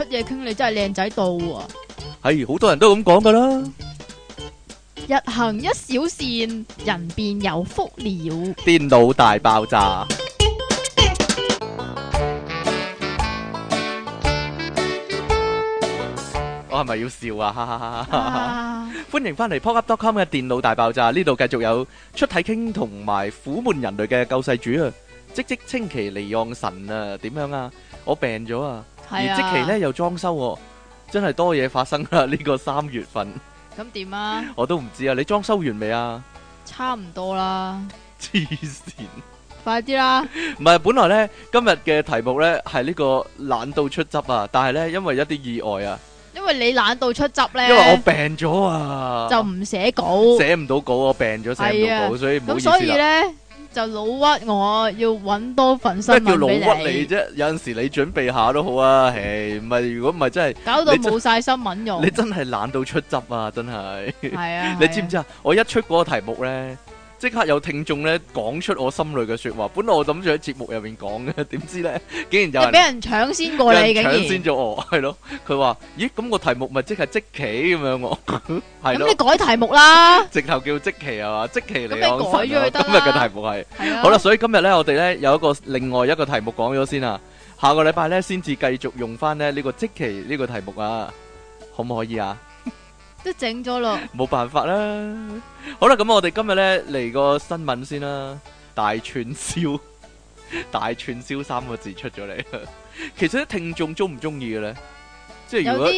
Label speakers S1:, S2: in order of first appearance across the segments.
S1: 出體傾你真係靚仔到啊！
S2: 係好、哎、多人都咁講噶啦。
S1: 日行一小善，人便
S2: 有福了。電腦大爆炸。我係咪要笑啊？哈哈，歡迎翻嚟 PodUp.com 嘅電腦大爆炸呢度，繼續有出體傾同埋苦悶人類嘅救世主啊！即即稱其離岸神啊？點樣啊？我病咗啊！啊、而即期咧又裝修，真係多嘢發生啊！呢、這個三月份，
S1: 咁點啊？
S2: 我都唔知啊！你裝修完未啊？
S1: 差唔多啦。
S2: 黐線！
S1: 快啲啦！
S2: 唔係本來咧今日嘅題目咧係呢個懶到出汁啊，但係咧因為一啲意外啊，
S1: 因為你懶到出汁咧，因為我
S2: 病咗啊，就唔
S1: 寫稿，寫
S2: 唔到稿，我病咗寫唔到稿，啊、所以唔好意思。咧？
S1: 就老屈我，我要揾多份新聞俾你。咩叫老屈你
S2: 啫？有陣時你準備下都好啊，誒，唔係，如果唔係真係搞到冇
S1: 晒新聞用你。你
S2: 真係懶到出汁啊！真係。係 啊。啊你知唔知啊？我一出嗰個題目咧。即刻有聽眾咧講出我心裏嘅説話，本來我諗住喺節目入邊講嘅，點知咧竟然有人俾人
S1: 搶先過你，竟然搶先
S2: 咗我，係咯？ 佢話：咦，咁，那個題目咪即係積淇咁樣？我係咁你改
S1: 題目啦，
S2: 直頭叫積淇係嘛？積淇嚟講先啦。今日嘅題目係，的 好啦，所以今日咧，我哋咧有一個另外一個題目講咗先啊，下個禮拜咧先至繼續用翻咧呢個積淇呢個題目啊，可唔可以啊？
S1: 都整咗
S2: 咯，冇辦法啦。好啦，咁我哋今日咧嚟個新聞先啦，大串燒， 大串燒三個字出咗嚟。 其實啲聽眾鍾唔鍾意嘅咧，即係如果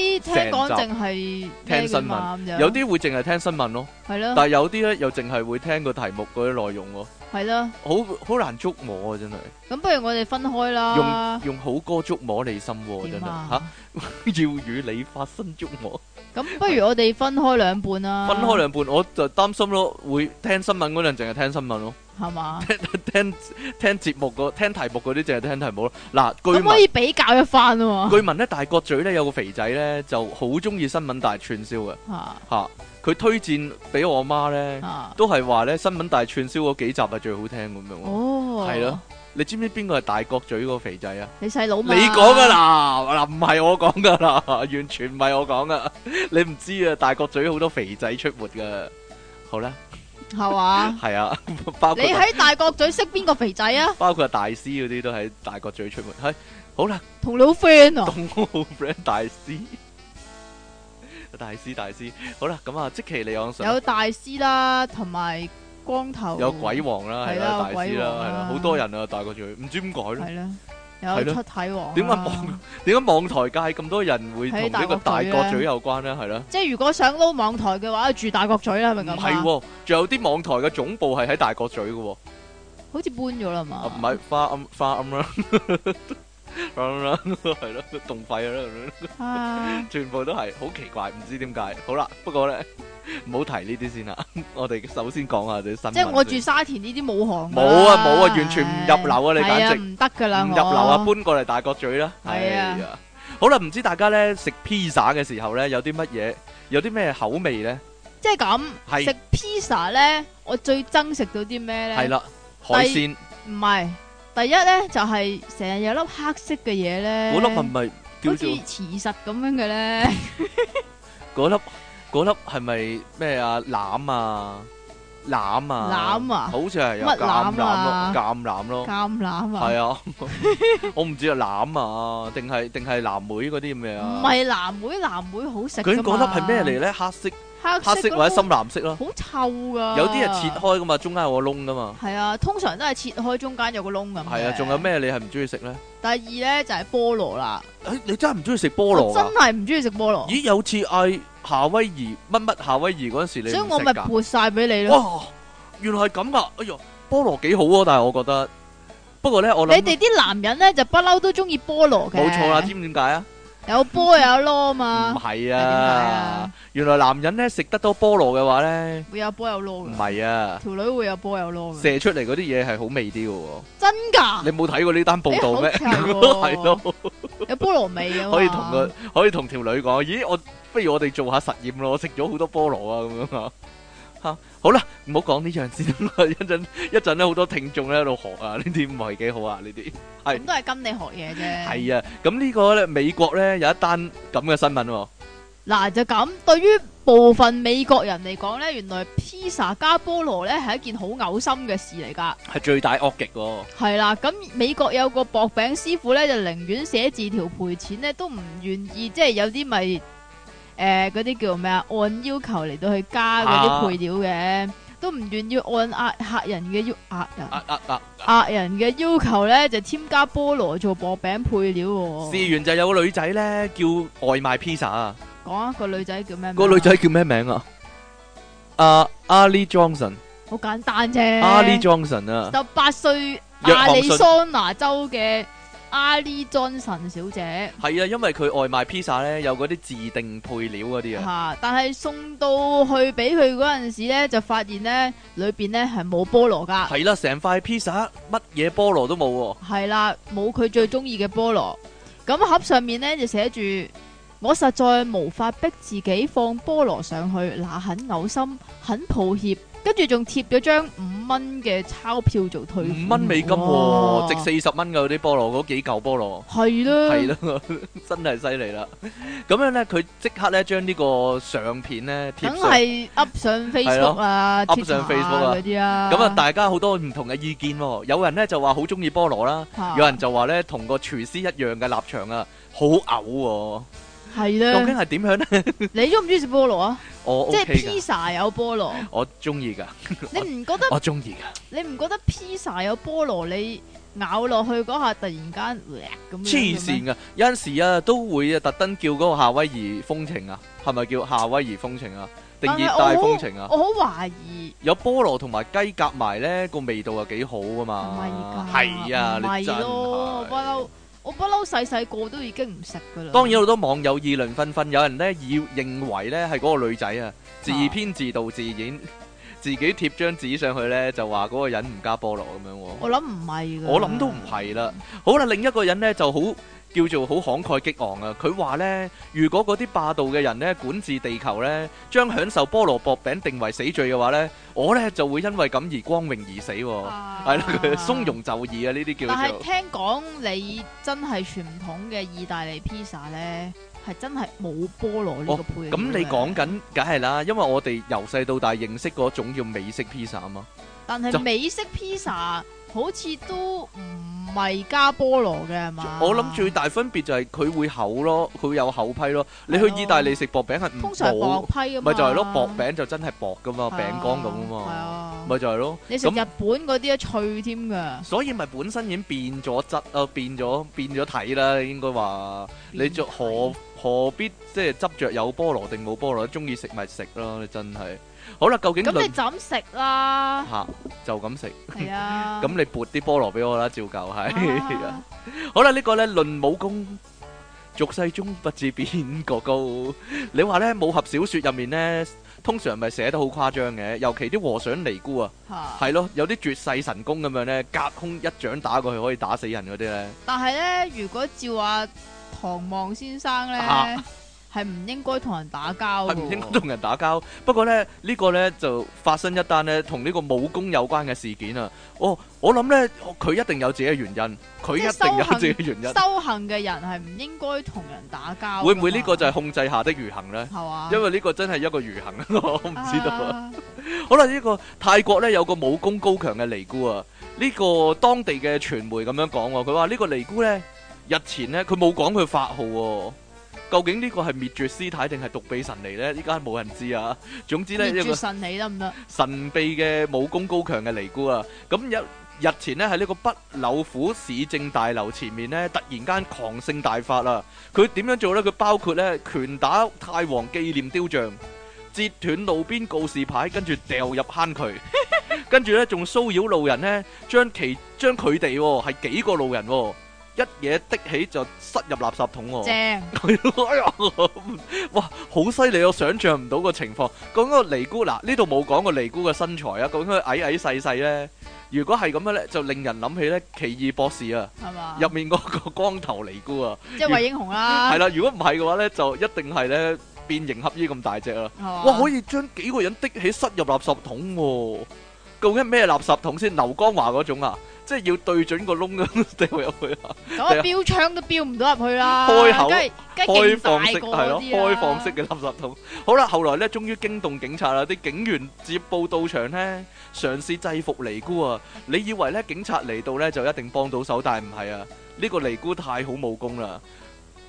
S2: 淨
S1: 係聽新聞，有啲
S2: 會淨係聽新聞咯，係的
S1: 咯。但係
S2: 有啲咧又淨係會聽個題目嗰啲內容喎。係咯，好好難捉摸啊，真係。
S1: 咁不如我哋分開啦，用
S2: 用好歌觸摸你心、啊，真係吓，啊啊， 要與你發生觸摸。
S1: 咁不如我哋分開兩半啦，啊。分開兩
S2: 半，我就擔心咯，會聽新聞嗰陣淨係聽新聞咯，
S1: 係
S2: 嘛嗎？聽聽節目個聽題目嗰啲淨係聽題目咯。嗱，啊，據聞可以
S1: 比較一番啊嘛。據
S2: 聞咧，大角咀咧有個肥仔咧，就好中意新聞大串燒嘅吓。啊啊佢推薦俾我媽咧，啊、都係話咧新聞大串燒嗰幾集係最好聽咁樣喎，係咯、哦。你知唔知邊個係大角咀嗰肥仔啊？
S1: 你細佬嘛？你講噶啦，
S2: 嗱唔係我講噶啦，完全唔係我講噶。 你唔知啊？大角咀好多肥仔出沒噶。好啦，
S1: 係嘛吧？
S2: 係啊， 包括你喺大
S1: 角咀識邊個肥仔啊？
S2: 包括大師嗰啲都喺大角咀出沒。係好啦，同老 friend 啊，同老 friend 大師。大師，大師，好啦，咁啊，即其嚟講，有
S1: 大師啦，同埋光頭，有
S2: 鬼王啦，係啦，大師啦，鬼王啦，係啦，好多人啊，大角嘴，唔知點解咧，係啦，
S1: 有啦出體王，點解
S2: 網點解網台界，咁多人會同呢個大角嘴有關咧？係啦，
S1: 即係如果想撈網台嘅話，住大角嘴啦，係咪咁？唔係，
S2: 仲、啊、有啲網台嘅總部係喺大角嘴嘅，
S1: 好似搬咗啦嘛？唔
S2: 係花庵，花庵啦。 咁樣係咯，凍廢啦咁樣，全部都係好奇怪，唔知點解。好啦，不過咧唔好提呢啲先啦，我哋首先講下啲新聞。即係我住
S1: 沙田呢啲冇寒。冇啊冇啊，
S2: 完全唔入流啊！你簡直唔得噶啦，唔入流啊！搬過嚟大角咀啦，係啊。好啦，唔知大家咧食披薩嘅時候咧有啲乜嘢，有啲咩口味咧？
S1: 即係咁，係食披薩咧，我最憎食到啲咩咧？係啦，
S2: 海鮮。
S1: 唔係。第一咧就係成日有粒黑色嘅嘢咧，粒係咪
S2: 好似磁
S1: 石咁樣嘅咧？
S2: 嗰粒嗰粒係咪咩啊？欖啊，欖啊，欖啊，好似係有橄欖咯，橄欖咯，
S1: 橄欖啊，係
S2: 啊， 我唔知啊，欖啊，定係定係藍莓嗰啲咩啊？唔
S1: 係藍莓，藍莓好食。佢嗰粒係咩
S2: 嚟咧？黑色。
S1: 黑色或者深藍色咯，好臭噶！有啲係切
S2: 開噶嘛，中間有個窿噶嘛。
S1: 係啊，通常都係切開，中間有個窿噶。係啊，仲
S2: 有咩你係唔中意食咧？
S1: 第二咧就係、是、菠蘿啦、
S2: 欸。你真係唔中意食菠蘿？我真
S1: 係唔中意食菠蘿。咦，
S2: 有次嗌夏威夷乜乜夏威夷嗰陣時你，你所以我咪撥
S1: 晒俾你咯。
S2: 原來係咁噶！哎呀，菠蘿幾好啊，但係我覺得，不過咧我諗你哋
S1: 啲男人咧就不嬲都中意菠蘿嘅，冇錯啦，添唔點解啊？知 有波有蘿嘛？唔
S2: 係啊，啊原來男人咧食得多菠蘿嘅話咧，會有波有蘿嘅。唔係啊，條
S1: 女會有波有
S2: 蘿嘅。射出嚟嗰啲嘢係好味啲嘅。
S1: 真噶？你
S2: 冇睇過呢單報道咩？係咯，
S1: 有菠蘿味嘅。 可以同
S2: 佢可以同條女講，咦，我不如我哋做下實驗咯，我食咗好多菠蘿啊，咁樣啊。啊、好啦，唔好講呢樣先。一陣一陣咧，好多聽眾咧喺度學啊，呢啲唔係幾好啊，呢啲係咁都
S1: 係跟你學嘢啫。
S2: 係 啊，咁呢個咧，美國咧有一單咁嘅新聞、哦。
S1: 嗱，就咁，對於部分美國人嚟講咧，原來披薩加菠蘿咧係一件好嘔心嘅事嚟噶，
S2: 係最大惡極。
S1: 係啦、啊，咁美國有個薄餅師傅咧，就寧願寫字條賠錢咧，都唔願意，即係有啲咪、就是。誒，嗰啲、呃、叫咩啊？按要求嚟到去加嗰啲配料嘅，啊、都唔願意按呃客人嘅要呃人，呃呃呃呃人嘅要求咧，就添加菠蘿做薄餅配料、哦。試
S2: 完就有個女仔咧叫外賣 pizza
S1: 啊！講一、啊、個女仔叫咩名？個女仔
S2: 叫咩名啊？阿阿里 Johnson
S1: 好簡單啫，阿里
S2: Johnson 啊，十
S1: 八歲亞利桑拿州嘅。阿里莊臣小姐
S2: 係啊，因為佢外賣披薩呢，有嗰啲自定配料嗰啲啊，
S1: 但係送到去俾佢嗰陣時咧就發現呢，裏邊呢係冇菠蘿㗎，係
S2: 啦、啊，成塊披薩乜嘢菠蘿都冇、哦，
S1: 係啦、啊，冇佢最中意嘅菠蘿。咁盒上面呢，就寫住，我實在無法逼自己放菠蘿上去，那很嘔心，很抱歉。跟住仲貼咗張五蚊嘅鈔票做退款，五蚊美金喎、哦，哇值四
S2: 十蚊㗎，啲菠蘿，嗰幾嚿菠蘿，係啦，係啦的，真係犀利啦！咁 樣咧，佢即刻咧將呢個相片咧，梗係
S1: up 上 Facebook 啊，up 上 Facebook 嗰啲啊，咁啊，
S2: 大家好多唔同嘅意見喎、哦。有人咧就話好中意菠蘿啦，啊、有人就話咧同個廚師一樣嘅立場啊，好嘔喎。
S1: 係啦的，究竟係
S2: 點樣咧？ 你中唔中
S1: 意食菠蘿啊？
S2: 我即係披薩
S1: 有菠蘿，
S2: 我中意噶。 你唔
S1: 覺得？ 我中意噶。你唔覺得披薩有菠蘿？你咬落去嗰下突然間咁。黐線
S2: 噶，有陣時啊都會啊特登叫嗰個夏威夷風情啊，係咪叫夏威夷風情啊？定熱帶風情啊？我好
S1: 懷疑。
S2: 有菠蘿同埋雞夾埋咧，個味道係幾好噶嘛。係啊，嗯、你真係。
S1: 咪咯，我不嬲，細細個都已經唔食㗎喇。當然
S2: 好多網友議論紛紛，有人呢以認為呢係嗰個女仔啊，自編自導自演。啊自己貼張紙上去呢，就話嗰個人唔加菠蘿咁樣喎。我諗
S1: 唔係㗎。我諗都唔
S2: 係啦。好啦，另一個人呢，就好叫做好慷慨激昂啊！佢話呢，如果嗰啲霸道嘅人呢，管治地球呢，將享受菠蘿薄餅定為死罪嘅話呢，我呢就會因為咁而光榮而死，啊。係咯，啊， 松容就義啊！呢啲叫做。但係聽
S1: 講你真係傳統嘅意大利披 i 呢？係真係冇菠蘿呢個配咁、哦、你講
S2: 緊，梗係啦，因為我哋由細到大認識嗰種叫美式披 i 啊嘛。
S1: 但係美式披 i 就好似都唔係加菠蘿嘅係嘛？我
S2: 諗最大分別就係佢會厚咯，佢有厚批咯。你去意大利食薄餅係通常薄批啊，咪就係咯，薄餅就真係薄噶嘛，餅、啊、乾咁啊嘛。係啊。咪就係咯。你食日
S1: 本嗰啲一脆添噶。
S2: 所以咪本身已經變咗質咯，變咗變咗體啦，應該話體你着何？何必即係執着有菠蘿定冇菠蘿？中意食咪食咯，你真係。好啦，究竟咁你就咁
S1: 食啦。吓，
S2: 就咁食。係啊。咁你撥啲菠蘿俾我啦，照舊係。好啦，呢個咧論武功，俗世中不知邊個高。你話咧，武俠小說入面咧，通常咪寫得好誇張嘅，尤其啲和尚尼姑啊，係咯，有啲絕世神功咁樣咧，隔空一掌打過去可以打死人嗰啲咧。
S1: 但係咧，如果照話。唐望先生呢，係唔、啊、應該同人打交嘅，係唔應該同
S2: 人打交。不過呢，呢、這個呢，就發生一單呢，同呢個武功有關嘅事件啊、哦！我我諗呢，佢一定有自己嘅原因，佢一定有自己嘅原因。修
S1: 行嘅人係唔應該同人打交，會唔會呢
S2: 個就係控制下的馀行呢？吧因為呢個真係一個馀行， 我唔知道、啊。 好啦，呢、這個泰國呢，有個武功高強嘅尼姑啊，呢、這個當地嘅傳媒咁樣講，佢話呢個尼姑呢。日前呢，佢冇講佢法號、哦，究竟呢個係滅絕師太，定係獨臂神尼呢？依家冇人知啊。總之呢，一個神尼得唔得？神秘嘅武功高強嘅尼姑啊！咁、嗯、日日前呢，喺呢個北柳府市政大樓前面呢，突然間狂性大發啦、啊！佢點樣做呢？佢包括呢拳打太王紀念雕像，截斷路邊告示牌，跟住掉入坑渠， 跟住呢仲騷擾路人呢，將其將佢哋係幾個路人、哦。嗯一嘢滴起就塞入垃圾桶喎，
S1: 正，
S2: 哎呀，哇，好犀利，我想象唔到個情況。講個尼姑嗱，呢度冇講個尼姑嘅身材啊，咁佢矮矮細細咧，如果係咁樣咧，就令人諗起咧奇異博士啊，係嘛，入面嗰個光頭尼姑啊，即係為英
S1: 雄啦，係啦，
S2: 如果唔係嘅話咧，就一定係咧變形俠醫咁大隻啦，哇，可以將幾個人滴起塞入垃圾桶喎。究竟咩垃圾桶先？劉江華嗰種啊，即係要對準個窿咁掉入去啊！嗰個標
S1: 槍都標唔到入去啦，開口，開放式係咯，然開放式
S2: 嘅，啊、垃圾桶。好啦，後來咧終於驚動警察啦，啲警員接報到場呢，嘗試制服尼姑啊！你以為咧警察嚟到咧就一定幫到手，但係唔係啊！呢、這呢個尼姑太好武功啦。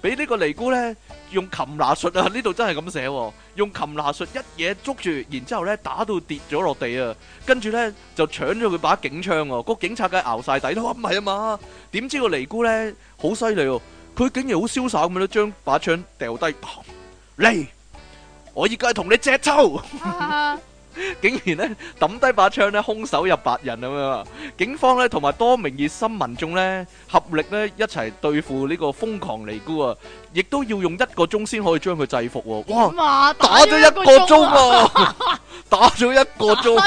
S2: 俾呢個尼姑咧用擒拿術啊！呢度真係咁寫，用擒拿術一嘢捉住，然之後咧打到跌咗落地啊！跟住咧就搶咗佢把警槍喎，個警察梗係熬曬底咯，唔係啊嘛？點知個尼姑咧好犀利喎，佢竟然好瀟灑咁樣將把槍掉低。嚟，我依家係同你隻抽。竟然咧抌低把槍咧，兇手入白人咁樣啊！警方咧同埋多名熱心民眾咧，合力咧一齊對付呢個瘋狂尼姑啊！亦都要用一個鐘先可以將佢制服喎！哇，
S1: 打咗一個鐘啊，
S2: 打咗一個鐘，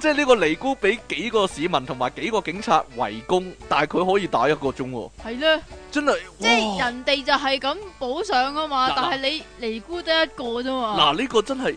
S2: 即係呢個尼姑俾幾個市民同埋幾個警察圍攻，但係佢可以打一個鐘喎。
S1: 係咧，真係即係人哋就係咁補上啊嘛！但係你尼姑得一個啫嘛。嗱
S2: 呢個真係，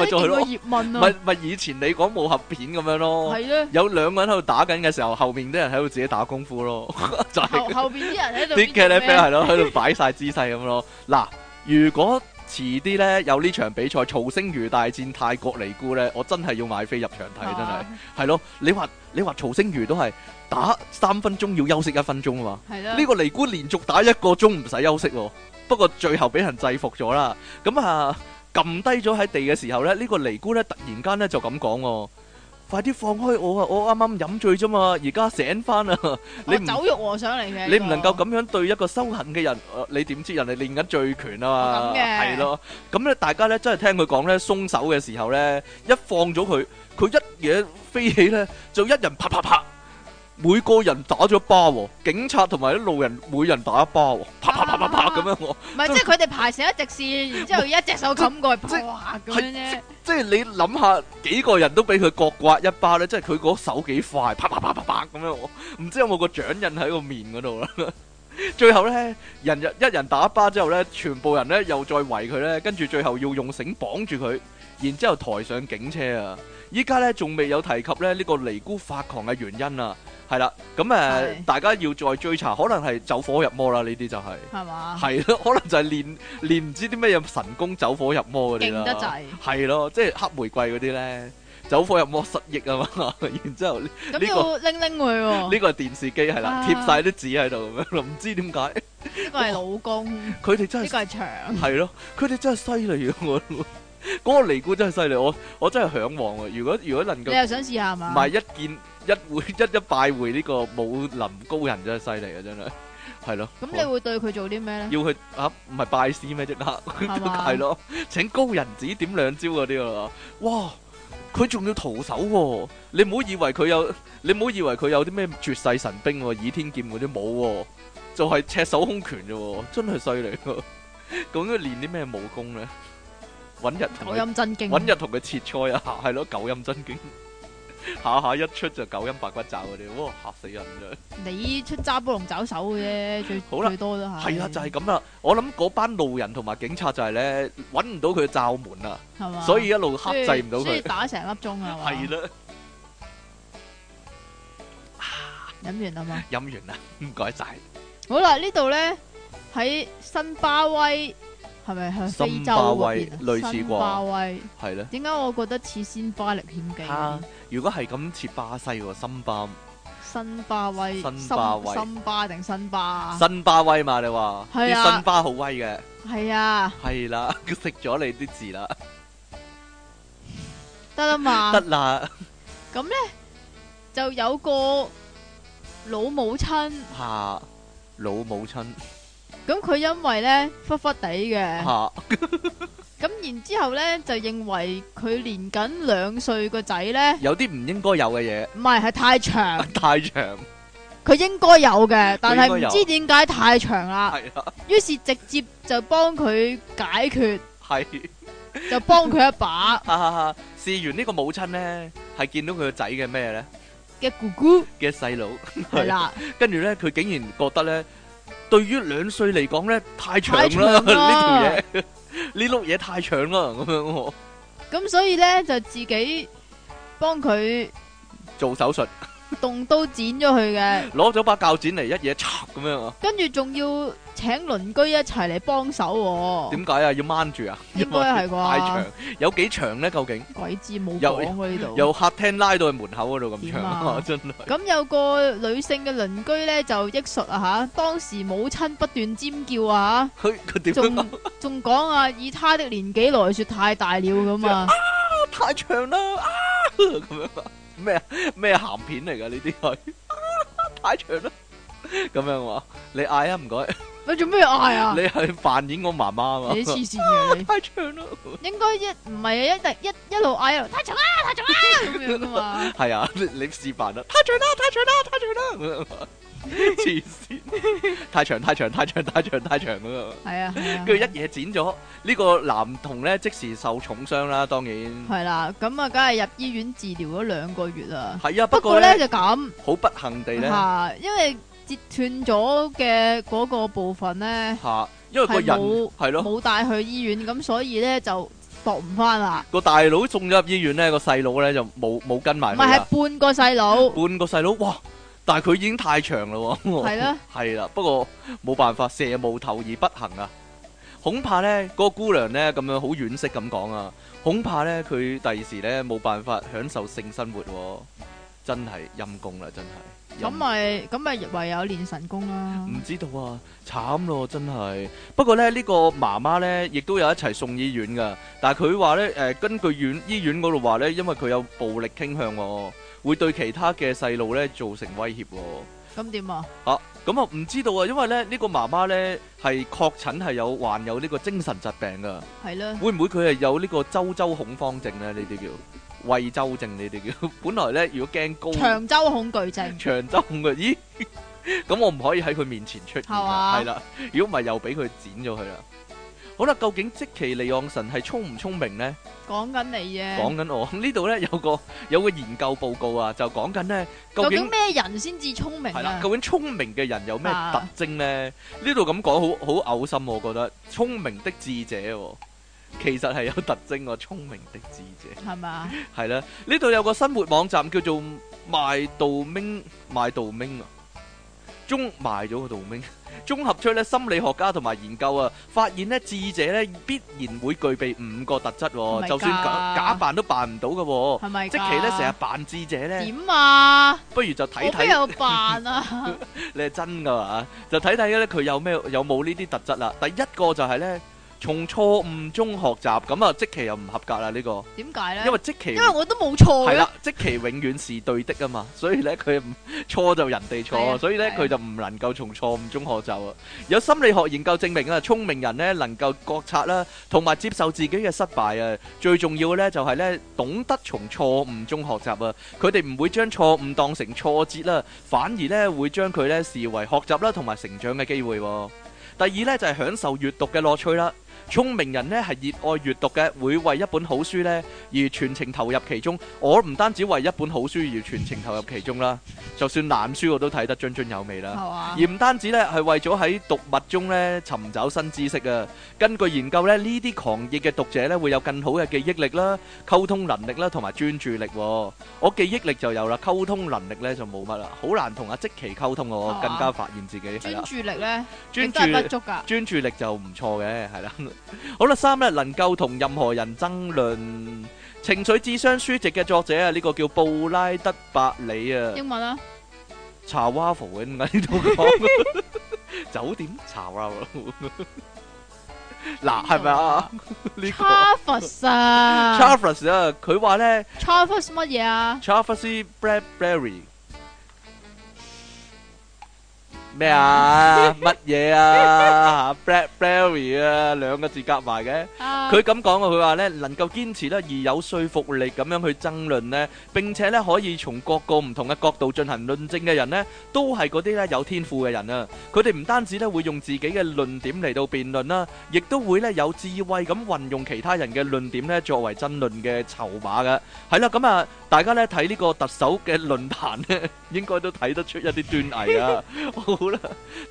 S2: 咪以前葉問啊？咪咪以前你講武俠片咁樣咯，有兩個人喺度打緊嘅時候，後邊啲人喺度自己打功夫咯。後後邊啲人
S1: 喺度啲茄哩啡係咯，喺度
S2: 擺曬姿勢。咁、啊、如果遲啲咧有呢場比賽，曹星如大戰泰國尼姑呢，我真係要買飛入場睇，真係係、啊、咯。你話你話曹星如都係打三分鐘要休息一分鐘嘛？呢個尼姑連續打一個鐘唔使休息、哦，不過最後俾人制服咗啦。咁啊，撳低咗喺地嘅時候呢，呢、呢個尼姑呢，突然間呢就咁講、哦。快啲放開我啊！我啱啱飲醉咋嘛，而家醒翻啊！你唔、哦、酒
S1: 肉和尚嚟嘅，你唔能
S2: 夠咁樣對一個修行嘅人，呃、你點知人哋練緊醉拳啊嘛？係、哦、咯，咁咧大家咧真係聽佢講咧，鬆手嘅時候咧，一放咗佢，佢一嘢飛起咧，就一人啪啪啪、啪。每個人打咗一巴喎，警察同埋啲路人每人打一巴喎，啪啪啪啪啪咁、啊、樣喎，
S1: 唔係是樣即係佢哋排成一直線， 然之後一隻手咁過去啪咁、啊、
S2: 即係你諗下，幾個人都俾佢割刮一巴咧，即係佢嗰手幾快，啪啪啪啪啪咁樣喎，唔知有冇個掌印喺個面嗰度啦。 最後咧，人日一人打一巴，巴之後咧，全部人咧又再圍佢咧，跟住最後要用繩綁住佢，然之後抬上警車啊！依家咧仲未有提及咧呢個尼姑發狂嘅原因啊！係啦，咁誒，呃、是大家要再追查，可能係走火入魔啦。呢啲就係係嘛，係咯吧，可能就係練練唔知啲咩嘢神功走，走火入魔嗰啲啦。勁得滯，係咯，即係黑玫瑰嗰啲咧，走火入魔失憶啊嘛。 然之後呢這樣、這
S1: 個拎拎佢喎，呢、
S2: 啊、 個電視機係啦，啊、貼晒啲紙喺度咁樣，唔知點解。個
S1: 係老公，佢哋哇真係呢個係
S2: 咯，佢哋真係犀利喎。 嗰個尼姑真係犀利，我我真係嚮往啊！如果如果能夠，你又想試
S1: 下嘛？唔係一
S2: 見一會一一，拜會呢個武林高人真係犀利啊！真係係咯。咁你會對佢做啲咩咧？要去啊？唔係拜師咩即刻，咪 吧？係咯，請高人指點兩招嗰啲啊！哇，佢仲要徒手喎，哦！你唔好以為佢有，你唔好以為佢有啲咩絕世神兵，哦，倚天劍嗰啲冇，就係、是、赤手空拳啫！真係犀利。咁佢練啲咩武功咧？搵日搵日同佢切菜啊，係咯，九陰真經下下一出就九陰白骨爪嗰啲，哇嚇死人噶！
S1: 你出揸波龍爪手嘅啫，最好啦，最多都係。係啊，就係
S2: 咁啦。我諗嗰班路人同埋警察就係咧，搵唔到佢罩門啊，所以一路克制唔到佢，打
S1: 成粒鐘啊嘛。係啦。
S2: 飲完啦嘛？飲完啦，唔該晒。
S1: 好啦，呢度咧喺新巴威。係咪向非洲嗰邊似新巴威？係咧。點解我覺得似仙巴歷險記？哈，
S2: 如果係咁似巴西喎，新巴
S1: 新巴威，新巴威，新巴定新巴？新
S2: 巴威嘛，你話啲新巴好威嘅。
S1: 係啊。
S2: 係啦，佢食咗你啲字啦，
S1: 得啦嘛，得啦。咁咧就有個老母親。
S2: 哈，老母親。
S1: 咁佢因為咧忽忽地嘅，咁、啊、 然之後咧就認為佢年僅兩歲個仔咧
S2: 有啲唔應該有嘅嘢，
S1: 唔係係太長，
S2: 太長，
S1: 佢應該有嘅，但係唔知點解太長啦，
S2: 係啊，
S1: 於是直接就幫佢解決，
S2: 係就幫佢一把。哈哈哈！試完呢個母親咧，係見到佢個仔嘅咩咧？嘅姑姑嘅細佬係啦，跟住咧佢竟然覺得咧。對於兩歲嚟講咧，太長啦，呢條嘢，呢碌嘢太長啦，咁樣
S1: 咁所以咧就自己幫佢做手術。動刀剪咗佢嘅，
S2: 攞咗把鉸剪嚟一嘢插咁樣、啊，
S1: 跟住仲要請鄰居一齊嚟幫手。點
S2: 解啊？要掹住啊？應該係啩？太長，有幾長呢？究竟鬼知冇講喎呢度，由客廳拉到去門口嗰度咁長、啊，真係、啊。咁、 嗯、
S1: 有個女性嘅鄰居咧就益述啊吓，當時母親不斷尖叫啊，
S2: 佢佢點仲
S1: 仲講啊，以他的年紀來說太大了咁啊，太長啦啊
S2: 咁、啊、樣啊。咩啊？咩鹹片嚟噶呢啲？佢太長啦！咁樣話，你嗌啊唔該。你做咩嗌啊？你係扮演我媽媽啊嘛？你黐線太長啦！應該一
S1: 唔係啊一一一路嗌啊！太長啦！太長啦！咁樣
S2: 嘛 啊嘛。係啊，你示範啦、啊！太長啦！太長啦！太長啦！黐線， 太長太長太長太長太長咯，係啊，跟住一嘢剪咗，呢個男童咧即時受重傷啦，當然係
S1: 啦，咁啊梗係入醫院治療咗兩個月啊，係啊，不過咧 就咁
S2: 好不幸地咧，吓，
S1: 因為截斷咗嘅嗰個部分咧，吓，
S2: 因為個人係咯，冇帶、
S1: 啊、去醫院，咁所以咧就駁唔翻啦，
S2: 個大佬送咗入醫院咧，個細佬咧就冇冇跟埋，唔係，係
S1: 半個細佬，
S2: 半個細佬哇！但係佢已經太長咯喎、哦，係啦的， 不過冇辦法，射無頭而不行啊！恐怕呢嗰、那個姑娘呢，咁樣好惋惜咁講啊，恐怕呢，佢第二時呢，冇辦法享受性生活喎、啊，真係陰功啦，真係。咁咪
S1: 咁咪唯有練神功啦、啊。唔
S2: 知道啊，慘咯，真係。不過呢，呢、這個媽媽呢，亦都有一齊送醫院㗎，但係佢話呢，誒、呃，根據院醫院嗰度話呢，因為佢有暴力傾向喎、啊。會對其他嘅細路咧造成威脅喎。
S1: 咁點啊？
S2: 嚇、啊，咁啊唔知道啊，因為咧呢、呢個媽媽咧係確診係有患有呢個精神疾病啊。係啦的。會唔會佢係有呢個周周恐慌症咧？呢啲叫惠州症，呢啲叫。本來咧，如果驚高長
S1: 洲恐懼症。長洲
S2: 恐懼症？咦、 嗯？咁、 嗯、我唔可以喺佢面前出現。係啊吧。係啦，如果唔係又俾佢剪咗佢啦。好啦，究竟積淇離岸神係聰唔聰明呢？
S1: 講緊你耶！講
S2: 緊我呢度咧有個有個研究報告啊，就講緊呢，究竟咩
S1: 人先至聰明、啊？係啦，究
S2: 竟聰明嘅人有咩特徵呢？呢度咁講好好嘔心，我覺得聰明的智者、啊、其實係有特徵個聰明的智者
S1: 係嘛？
S2: 係啦吧，呢度有個生活網站叫做 My Domain My Domain 啊，中埋咗個 Domain。綜合出咧，心理學家同埋研究啊，發現咧智者咧必然會具備五個特質、啊，係咪啊、就算假，假扮都扮唔到嘅、啊，係咪啊、即係咧成日扮智者咧。點
S1: 啊？
S2: 不如就睇睇。我邊有
S1: 扮啊？
S2: 你係真嘅嚇，就睇睇咧佢有咩有冇呢啲特質啦、啊。第一個就係咧。從錯誤中學習咁啊，積淇又唔合格啦呢個。
S1: 點解呢？因為積淇因為我都冇錯。係啦了，
S2: 積淇 永遠是對的啊嘛，所以咧佢唔錯，就人哋錯，啊、所以咧佢、啊、就唔能夠從錯誤中學習啊。有心理學研究證明啊，聰明人呢能夠覺察啦，同埋接受自己嘅失敗啊。最重要嘅咧就係咧，懂得從錯誤中學習啊。佢哋唔會將錯誤當成挫折啦，反而咧會將佢咧視為學習啦同埋成長嘅機會。第二咧就係享受閱讀嘅樂趣啦。聰明人呢係熱愛閱讀嘅，會為一本好書呢而全程投入其中。我唔單止為一本好書而全程投入其中啦，就算爛書我都睇得津津有味啦。而唔單止呢係為咗喺讀物中呢尋找新知識啊。根據研究呢，呢啲狂熱嘅讀者呢會有更好嘅記憶力啦、溝通能力啦同埋專注力。我記憶力就有啦，溝通能力呢就冇乜啦，好難同阿積淇溝通。我更加發現自己
S1: 專注力呢，真係不足㗎。專
S2: 注力就唔錯嘅，係啦。好啦，三咧能夠同任何人爭論，情緒智商書籍嘅作者啊，呢個叫布拉德伯里啊。英文啊，茶瓦佛嘅，喺呢度講酒店茶瓦佛，嗱，係咪啊？茶瓦佛
S1: 啊，
S2: 茶瓦佛啊，佢話咧，
S1: 茶瓦佛乜嘢啊？
S2: 茶瓦佛係 Bradbury。咩啊？乜嘢啊？Blackberry 啊，兩個字夾埋嘅。佢咁講啊，佢話咧，能夠堅持得而有說服力咁樣去爭論咧，並且咧可以從各個唔同嘅角度進行論證嘅人咧，都係嗰啲咧有天賦嘅人啊。佢哋唔單止咧會用自己嘅論點嚟到辯論啦，亦都會咧有智慧咁運用其他人嘅論點咧作為爭論嘅籌碼嘅。係啦，咁啊，大家咧睇呢個特首嘅論壇咧。應該都睇得出一啲端倪啊！ 好啦，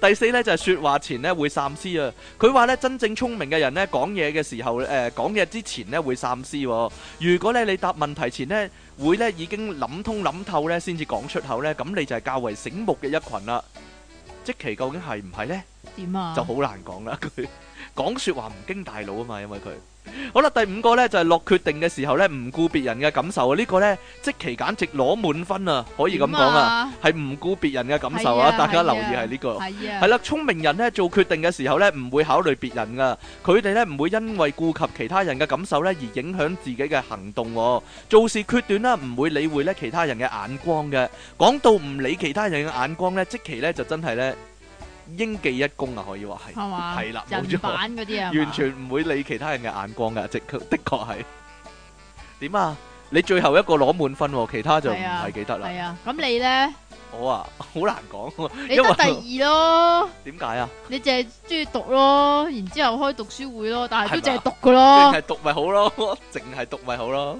S2: 第四呢就係、是、說話前咧會三思啊！佢話呢，真正聰明嘅人呢講嘢嘅時候，誒講嘢之前咧會三思。如果咧你答問題前呢，會呢已經諗通諗透呢先至講出口呢，咁你就係較為醒目嘅一群啦。積淇究竟係唔係呢？
S1: 點啊？就好
S2: 難講啦！佢講說話唔經大腦啊嘛，因為佢。好啦，第五個呢就係、係、落決定嘅時候呢，唔顧別人嘅感受啊！呢、呢個呢，即期簡直攞滿分啊，可以咁講啊，係唔顧別人嘅感受啊！啊啊大家留意係呢、呢個，係、啊啊、啦，聰明人呢做決定嘅時候呢，唔會考慮別人噶，佢哋呢唔會因為顧及其他人嘅感受呢而影響自己嘅行動、啊，做事決斷啦，唔會理會呢其他人嘅眼光嘅。講到唔理其他人嘅眼光呢，即期呢就真係呢。應記一功啊，可以話係係啦，有吧了版嗰啲啊， 完全唔會理其他人嘅眼光嘅，的確的確係點啊？你最後一個攞滿分、哦，其他就唔係幾得啦。係
S1: 啊，咁、啊、你咧？
S2: 我啊，好難講。你得第二
S1: 咯？點解啊？你淨係中意讀咯，然之後開讀書會咯，但係都淨係讀嘅咯。淨係
S2: 吧讀咪好咯？淨係讀咪好咯？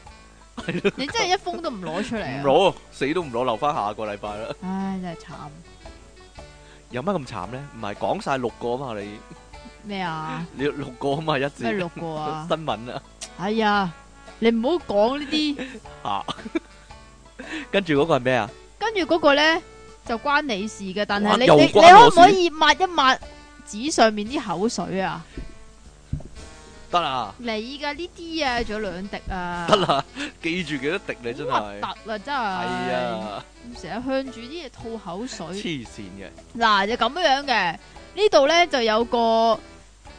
S1: 你真係一封都唔攞出嚟，唔攞，
S2: 死都唔攞，留翻下個禮拜啦。
S1: 唉，真係慘，
S2: 有乜咁慘咧？唔係講晒六個嘛，你
S1: 咩啊？
S2: 你六個嘛，一咩六個啊？新聞啊！
S1: 哎呀，你唔好講呢啲
S2: 吓。跟住嗰個係咩啊？
S1: 跟住嗰個咧就關你事嘅，但係你你你可唔可以抹一抹紙上面啲口水啊？得啦，你噶呢啲啊，仲有兩滴啊，得
S2: 啦，記住幾多滴你真係得
S1: 啦啊，真係，係啊，成日向住啲嘢吐口水，黐線嘅，嗱就咁樣嘅，呢度咧就有個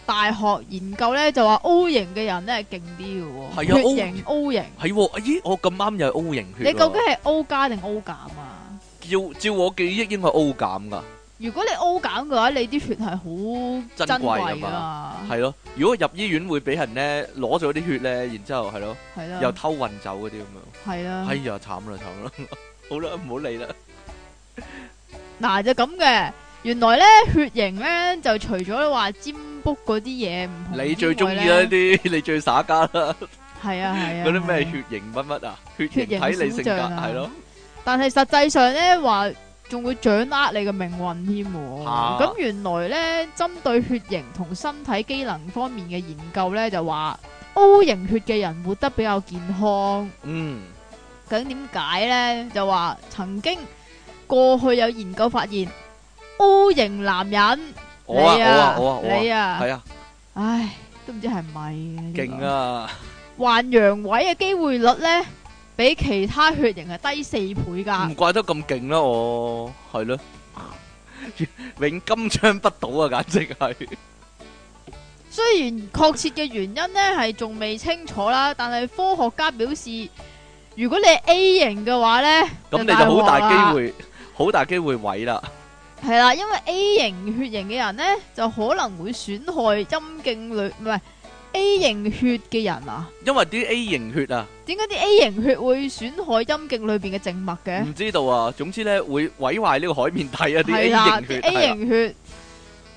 S1: 大學研究咧就話 O 型嘅人咧係勁啲嘅，係啊，O 型，O 型，
S2: 係，咦，我咁啱又係 O 型血，你究竟係
S1: O 加定 O 減啊？
S2: 照照我記憶應該 O 減噶。
S1: 如果你 O 減嘅話，你啲血係好珍貴啊！係
S2: 咯，如果入醫院會俾人咧攞咗啲血咧，然之後係咯，係啦，又偷運走嗰啲咁樣，係啦，哎呀慘啦慘啦，好啦唔好理啦。
S1: 嗱就咁嘅，原來咧血型咧就除咗話占卜嗰啲嘢唔同，你最中意啦
S2: 啲，你最耍家啦，
S1: 係啊，係啊，嗰啲
S2: 咩血型乜乜啊？血型睇你性格係咯，
S1: 但係實際上咧話。仲會掌握你嘅命運添，咁原來呢，針對血型同身體機能方面嘅研究呢，就話 O 型血嘅人活得比較健康。嗯，究竟點解呢？就話曾經過去有研究發現 O 型男人，
S2: 我啊我啊我啊你啊係啊，
S1: 唉都唔知係咪。勁啊！患陽痿嘅機會率呢，比其他血型係低四倍噶，唔
S2: 怪得咁勁啦，我係咯， 永金槍不倒啊，簡直係。
S1: 雖然確切嘅原因呢係仲未清楚啦，但係科學家表示，如果你係 A 型嘅話呢，咁你就好大機會，
S2: 好 大機會毀啦。
S1: 係啦，因為 A 型血型嘅人呢，就可能會損害陰莖類，唔係 A 型血嘅人啊，
S2: 因為啲 A 型血啊。
S1: 點解啲 A 型血會損害陰莖裏邊嘅靜脈嘅？唔
S2: 知道啊，總之咧會毀壞呢個海綿體啊，啲 A 型血，A 型
S1: 血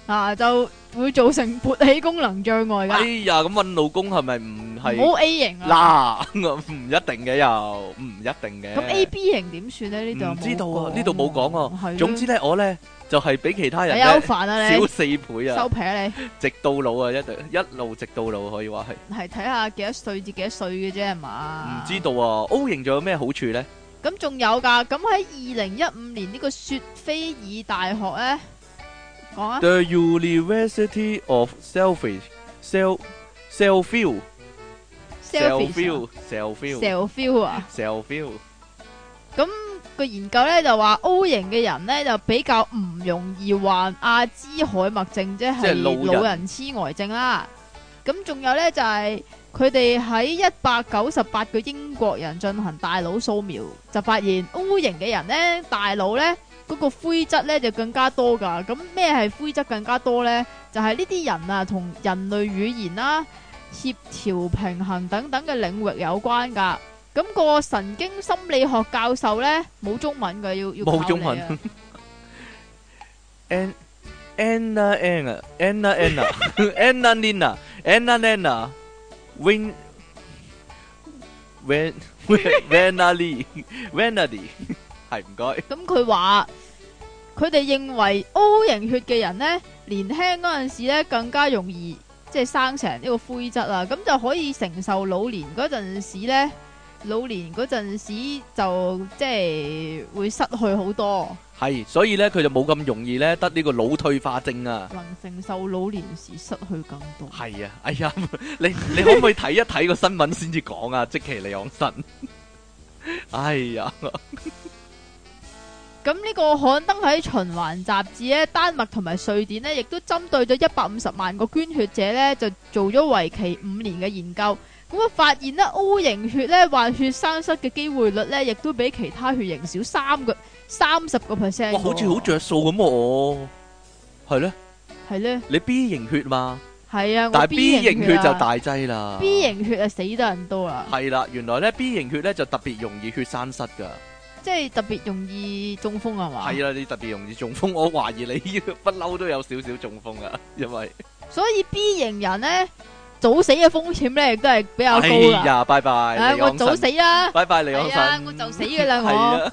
S1: 啊就會造成勃起功能障礙。哎
S2: 呀，咁問老公係咪唔係？冇 A 型啦，嗱，唔一定嘅，又唔一定嘅。咁 AB
S1: 型點算咧？呢度唔知
S2: 道啊，呢度冇講哦。總之咧，我咧。就係比其他人少四倍啊，收皮啊你，直到老啊，一一路直到老可以話係
S1: 係睇下幾多歲至幾多歲嘅啫，係嘛？唔
S2: 知道啊，O 型仲有咩好處咧？
S1: 咁仲有噶。咁喺二零一五年呢個雪菲爾大學咧，講啊，The
S2: University of Selfish Self Self feel Self feel
S1: Self feel
S2: Self feel 啊，Self feel
S1: 咁。個研究咧就話 O 型嘅人咧就比較唔容易患阿茲海默症，即係老人痴呆症啦。咁仲有咧，就係佢哋喺一百九十八個英國人進行大腦掃描，就發現 O 型嘅人咧大腦咧嗰個灰質咧就更加多噶。咁咩係灰質更加多呢？就係呢啲人啊，同人類語言啦、啊、協調平衡等等嘅領域有關噶。咁個神經心理學教授咧冇中文嘅，要要冇中文
S2: 啊。Anna Anna Anna Anna Anna Anna Win Win Winna Lee Winna Lee 係唔該。
S1: 咁佢話佢哋認為 O 型血嘅人咧，年輕嗰陣時咧，更加容易即係生成呢個灰質啊，咁就可以承受老年嗰陣時咧。老年嗰陣時就即係會失去好多，
S2: 係所以咧佢就冇咁容易咧得呢個腦退化症啊，
S1: 能承受老年時失去更
S2: 多。係啊，哎呀，你你可唔可以睇一睇個新聞先至講啊？ 積淇離岸神， 哎呀，
S1: 咁 呢個刊登喺循環雜誌咧，丹麥同埋瑞典呢，亦都針對咗一百五十萬個捐血者呢，就做咗為期五年嘅研究。咁啊，發現咧 O 型血咧患血栓塞嘅機會率咧，亦都比其他血型少三個三十個 percent。哇，好似好
S2: 着數咁哦，係咧，係咧，你 B 型血嘛？
S1: 係啊，但係 B 型血就大
S2: 劑啦。B
S1: 型血啊，死得人多啦。
S2: 係啦，原來咧 B 型血咧就特別容易血栓塞噶，
S1: 即係特別容易中風啊嘛？係
S2: 啦，你特別容易中風，我懷疑你不嬲都有少少中風啦，因為
S1: 所以 B 型人咧。早死嘅風險咧，亦都係比較高啦。哎呀，拜拜！唉，我早死啦。拜
S2: 拜，離岸神。我
S1: 就死嘅啦，我。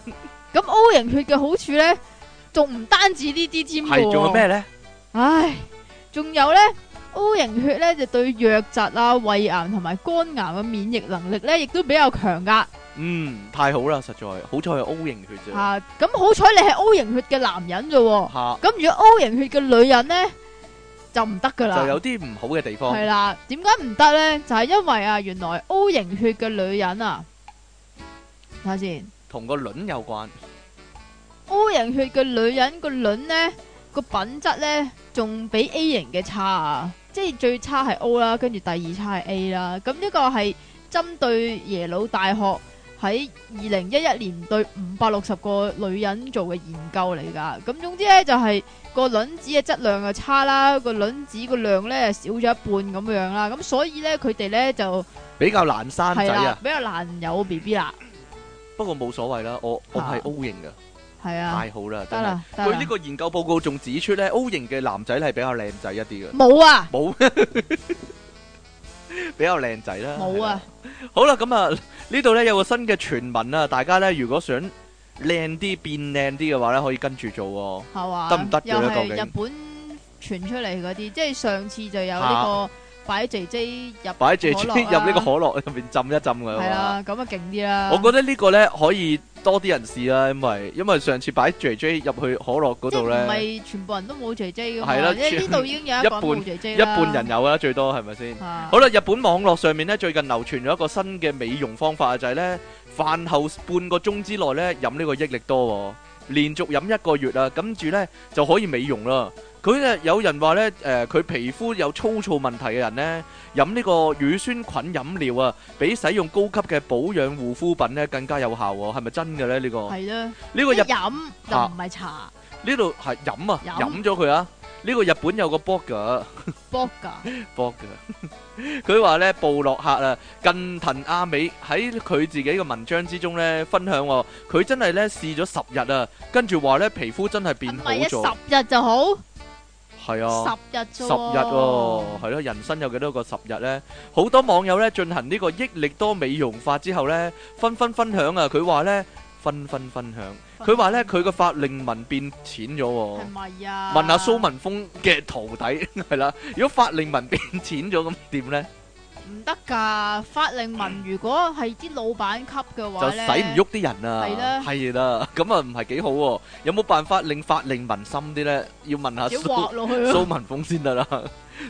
S1: 咁 O 型血嘅好處咧，仲唔單止呢啲添？係仲有咩咧？唉，仲有咧，O 型血咧就對瘧疾啊、胃癌同埋肝癌嘅免疫能力咧，亦都比較強噶。
S2: 嗯，太好啦，實在好彩係 O 型血啫。吓，
S1: 咁好彩你係 O 型血嘅男人啫。吓，咁如果 O 型血嘅女人咧？就唔得噶啦，就有
S2: 啲唔好嘅地方。係啦，
S1: 點解唔得呢？就係因為啊，原來 O 型血嘅女人啊，睇下先，
S2: 同個卵有關。
S1: O 型血嘅女人個卵呢，個品質呢，仲比 A 型嘅差啊！即係最差係 O 啦，跟住第二差係 A 啦。咁呢個係針對耶魯大學。喺二零一一年對五百六十個女人做嘅研究嚟噶，咁總之咧就係個卵子嘅質量又差啦，個卵子個量咧少咗一半咁樣啦，咁所以咧佢哋咧就
S2: 比較難生仔啊，比
S1: 較難有 BB 啦。
S2: 不過冇所謂啦，我我係 O 型嘅，
S1: 係啊，太
S2: 好啦，真係。佢呢個研究報告仲指出咧，O 型嘅男仔係比較靚仔一啲嘅，冇啊，冇。比較靚仔啦，冇啊，好啦，咁啊呢度咧有個新嘅傳聞啊，大家咧如果想靚啲變靚啲嘅話咧，可以跟住做喎、
S1: 啊，係嘛、啊，得唔得？又係日本傳出嚟嗰啲，啊、即係上次就有呢個擺姐姐入擺、啊、姐姐入呢個可
S2: 樂入面浸一浸嘅，係啊，
S1: 咁啊勁啲啦，我覺
S2: 得個呢個咧可以。多啲人士啦，因為因為上次擺 J J 入去可樂嗰度咧，唔係
S1: 全部人都冇 J J 嘅，即係呢度已經有一個冇 J J 啦，一半一半人
S2: 有啦，最多係咪先？的好啦，日本網絡上面咧最近流傳咗一個新嘅美容方法就係、是、咧飯後半個鐘之內咧飲呢個益力多，連續飲一個月啊，跟住咧就可以美容啦。佢咧有人話咧，誒、呃、佢皮膚有粗糙問題嘅人咧，飲呢個乳酸菌飲料啊，比使用高級嘅保養護膚品咧更加有效喎、哦。係咪真嘅咧？呢、這個係
S1: 啊，呢個日飲就唔係茶。
S2: 呢度係飲啊，飲咗佢啊。呢、這個日本有個 blog 噶，blog 噶，blog 噶。佢話咧，部 博客 落客啊，近藤阿美喺佢自己嘅文章之中咧分享、哦，佢真係咧試咗十日啊，跟住話咧皮膚真係變好咗、啊，十
S1: 日就好。
S2: 係啊，十日，十日、啊，係咯、啊，人生有幾多個十日呢？好多網友呢進行呢、呢個益力多美容法之後呢，紛紛分，分享啊！佢話呢，紛紛分，分享，佢話分分 呢，佢個法令紋變淺咗，係咪、啊、
S1: 問下蘇
S2: 文峰嘅徒弟係啦、啊，如果法令紋變淺咗咁點呢？
S1: 唔得噶，法令紋如果係啲老闆級嘅話就使唔喐
S2: 啲人的啊，係啦，咁啊唔係幾好喎。有冇辦法令法令紋深啲咧？要問，問，問要下蘇 文峰先得啦，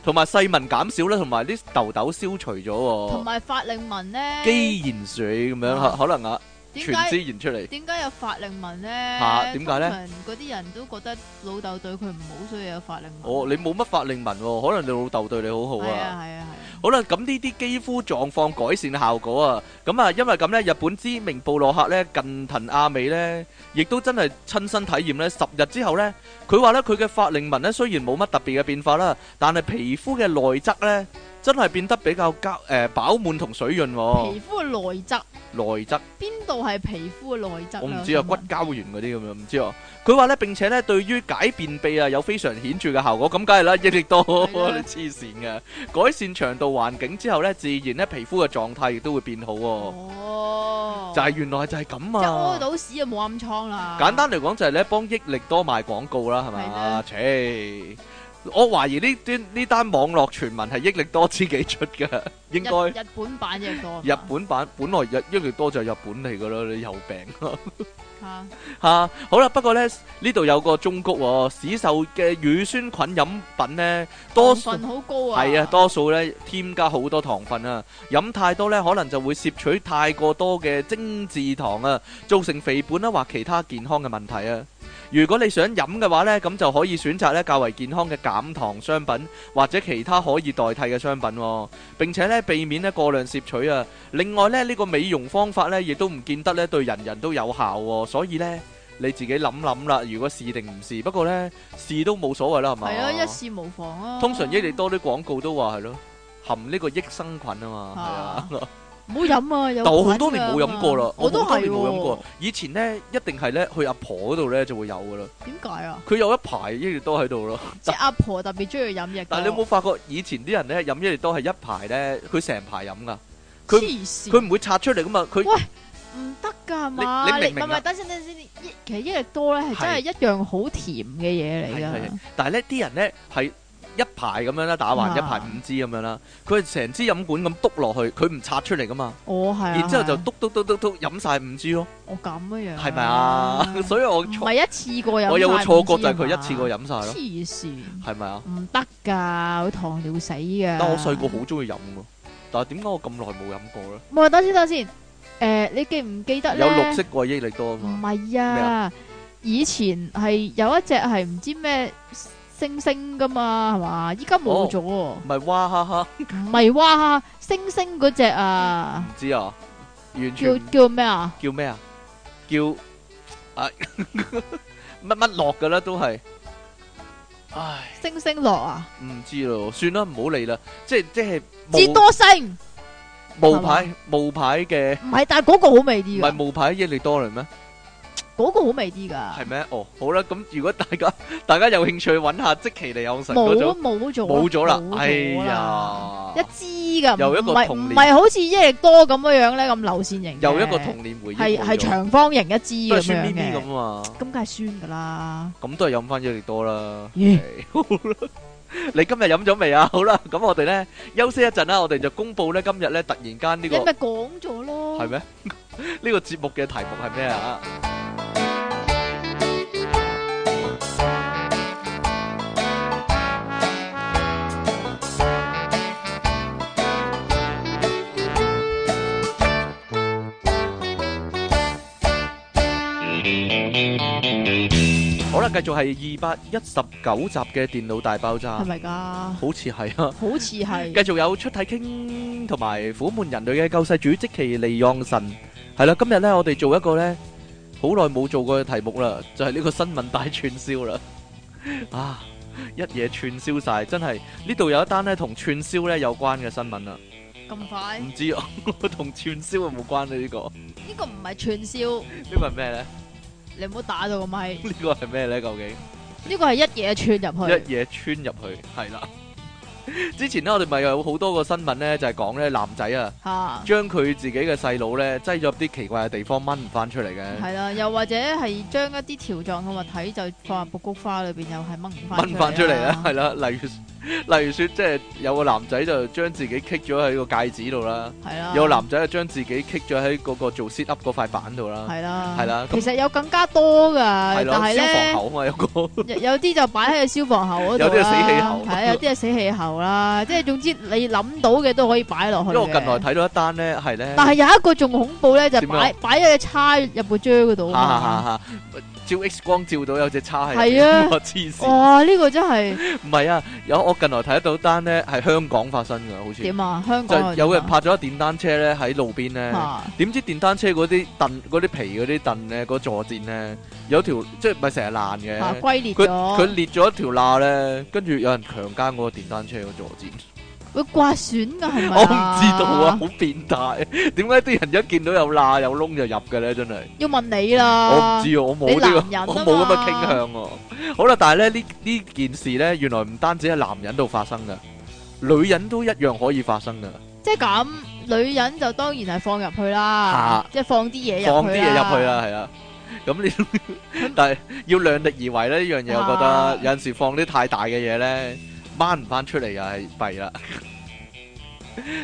S2: 同埋細紋減少啦，同埋啲豆豆消除咗，同埋
S1: 法令紋咧，肌
S2: 研水咁樣吓，嗯、可能啊。全自然出嚟，點
S1: 解有法令紋咧？嚇，點解咧？嗰啲人都覺得老豆對佢唔
S2: 好，所以有法令紋。哦，你冇乜法令紋喎，可能你老豆對你好好啊。係啊，係啊，係。好啦，咁呢啲肌膚狀況改善效果啊，咁啊，因為咁咧，日本知名部落客咧，近藤亞美咧，亦都真係親身體驗咧，十日之後咧，佢話咧，佢嘅法令紋咧，雖然冇乜特別嘅變化啦，但係皮膚嘅內質咧。真係變得比較膠誒飽滿同水潤，哦、皮
S1: 膚嘅內質，
S2: 內質
S1: 邊度係皮膚嘅內質我唔知啊，
S2: 骨膠原嗰啲咁樣唔知哦，啊。佢話咧，並且咧，對於解便秘啊，有非常顯著嘅效果。咁梗係啦，益力多 的 你黐線嘅，改善腸道環境之後咧，自然咧皮膚嘅狀態亦都會變好。哦，哦就係原來就係咁啊！屙
S1: 到屎就冇暗瘡啦。簡單
S2: 嚟講就係咧幫益力多賣廣告啦，係咪啊，黐的 我懷疑呢端呢單網絡傳聞係益力多自己出嘅，應該日
S1: 本版嘅，多。日
S2: 本版本來日益力多就係日本嚟噶咯，你有病 啊？吓、啊，好啦，不過咧呢度有個忠告、哦、市售嘅乳酸菌飲品咧，多糖分
S1: 好高啊！係啊，
S2: 多數咧添加好多糖分啊，飲太多咧可能就會攝取太過多嘅精製糖啊，造成肥胖啊或其他健康嘅問題啊。如果你想飲嘅話呢，咁就可以選擇呢較為健康嘅減糖商品或者其他可以代替嘅商品喎，並且呢避免呢過量攝取啊。另外呢，呢、這個美容方法呢，亦都唔見得呢對人人都有效喎、哦，所以呢，你自己諗諗啦。如果試定唔試，不過呢試都冇所謂啦，係咪？係啊，吧一
S1: 試無妨啊。通常益
S2: 力多啲廣告都話係咯，含呢個益生菌啊嘛。係啊。
S1: 唔好飲啊！有啊，但我好多年冇飲過啦，我都係喎。
S2: 以前咧，一定係咧去阿婆嗰度咧就會有噶啦。
S1: 點解啊？佢
S2: 有一排益力多喺度咯。即
S1: 阿婆特別中意飲嘢。但係你有冇
S2: 發覺以前啲人咧飲益力多係一排咧，佢成排飲噶。佢，佢唔會拆出嚟噶嘛？佢喂唔
S1: 得噶嘛？你明唔明，你唔係唔，等先等先。其實益力多咧係真係一樣好甜嘅嘢嚟噶。
S2: 但係咧，啲人咧係。一排咁樣啦，打橫一排五支咁樣啦，佢係成支飲管咁篤落去，佢唔拆出嚟㗎嘛。
S1: 哦，係。然之後就
S2: 篤篤篤篤篤飲曬五支咯。
S1: 我咁樣。
S2: 係咪啊？所以我
S1: 唔係一次過飲曬。我有個錯覺就係佢
S2: 一次過飲曬咯。黐線。係咪啊？唔得
S1: 㗎，佢糖尿會死㗎。但係我細個好
S2: 中意飲㗎，但係點解我咁耐冇飲過咧？
S1: 冇，等先等先，誒你記唔記得咧？有綠色
S2: 個益力多啊嘛。
S1: 唔係啊，以前係有一隻係唔知咩。星星噶嘛，係嘛？依家冇咗，
S2: 唔係哇哈哈，唔
S1: 係哇哈哈，星星嗰隻啊！
S2: 唔知啊，完全叫叫咩啊？叫咩啊？叫誒乜乜落嘅啦，都係，
S1: 唉，星星落啊！
S2: 唔知咯，算啦，唔好理啦，即係即係，智多星，冒牌冒牌嘅，唔係，但係嗰個好味啲，唔係冒牌益力多倫咩？
S1: 嗰個好味啲噶係
S2: 咩？哦，好啦，咁如果大家大家有興趣搵下，積淇離岸神冇？冇啊，冇咗，冇咗啦，哎呀，一
S1: 支噶，又一個童年，唔係好似益力多咁樣樣咧，咁流線型，又一個童年回憶，係係長方形一支咁樣嘅，咁啊，咁梗係酸噶啦，
S2: 咁都係飲翻益力多啦，咦？你今日飲咗未啊？好啦，咁我哋咧休息一陣啦，我哋就公布咧今日咧突然間呢個，你咪
S1: 講咗咯，係
S2: 咩？呢個節目嘅題目係咩啊？好啦，繼續係二百一十九集嘅電腦大爆炸，係咪噶？好似係啊，好似係。繼續有出體 king 同埋苦悶人類嘅救世主即積淇離岸神，係啦。今日咧，我哋做一個咧好耐冇做過嘅題目啦，就係呢個新聞大串燒啦。啊，一嘢串燒晒，真係呢度有一單咧同串燒咧有關嘅新聞啊。
S1: 咁快？唔
S2: 知啊，同串燒有冇關啊？呢個呢
S1: 個唔係串燒，
S2: 呢個係咩咧？
S1: 你唔好打到個咪，呢
S2: 個係咩咧？究竟？
S1: 呢個係一嘢穿入去。 一
S2: 嘢穿入去，係啦。之前咧，我哋咪有好多個新聞咧，就係、是、講咧男仔啊，將佢自己嘅細佬咧擠咗啲奇怪嘅地方掹唔翻出嚟嘅。係
S1: 啦， 又或者係將一啲條狀嘅物體就放入爆菊花裏邊，又係掹唔翻。掹翻出嚟啦，
S2: 係啦，例如。例如說，即係有個男仔就將自己棘咗喺個戒指度啦，係啦。有個男仔就將自己棘咗喺嗰個做 set up 嗰塊板度啦，係啦，係啦。其實
S1: 有更加多噶，但係咧，消防口啊嘛，有個有啲就擺喺個消防口度，有啲係死氣喉，係啊，有啲係死氣喉啦。即係總之你諗到嘅都可以擺落去。因為我近
S2: 來睇到一單咧，係咧，但係有一
S1: 個仲恐怖咧，就擺擺咗隻叉入個樽度。
S2: 照 X 光照到有隻叉喺度，我黐線。哇！呢、這個真係唔係啊！有我近來睇得到單咧，係香港發生嘅，好似點啊？
S1: 香港、啊、有
S2: 人拍咗電單車咧喺路邊咧，點、啊、知電單車嗰啲凳、嗰啲皮、嗰啲凳咧、嗰座墊咧，有條即係唔係成日爛嘅？啊，龜裂佢裂咗一條罅咧，跟住有人強姦嗰個電單車嘅座墊。
S1: 會刮損噶係咪？我唔知道啊，好
S2: 變態，點解啲人一見到有罅有窿就入嘅咧？真係
S1: 要問你啦。我唔知，
S2: 我冇啲，我冇咁嘅傾向。好啦，但係咧呢呢件事咧，原來唔單止係男人度發生噶女人都一樣可以發生噶
S1: 即係咁，女人就當然係放入去啦，即係放啲嘢，放啲嘢入去啦，
S2: 係啊。咁你但係要量力而為咧呢樣嘢，我覺得有陣時放啲太大嘅嘢咧。翻唔翻出嚟啊？係弊啦！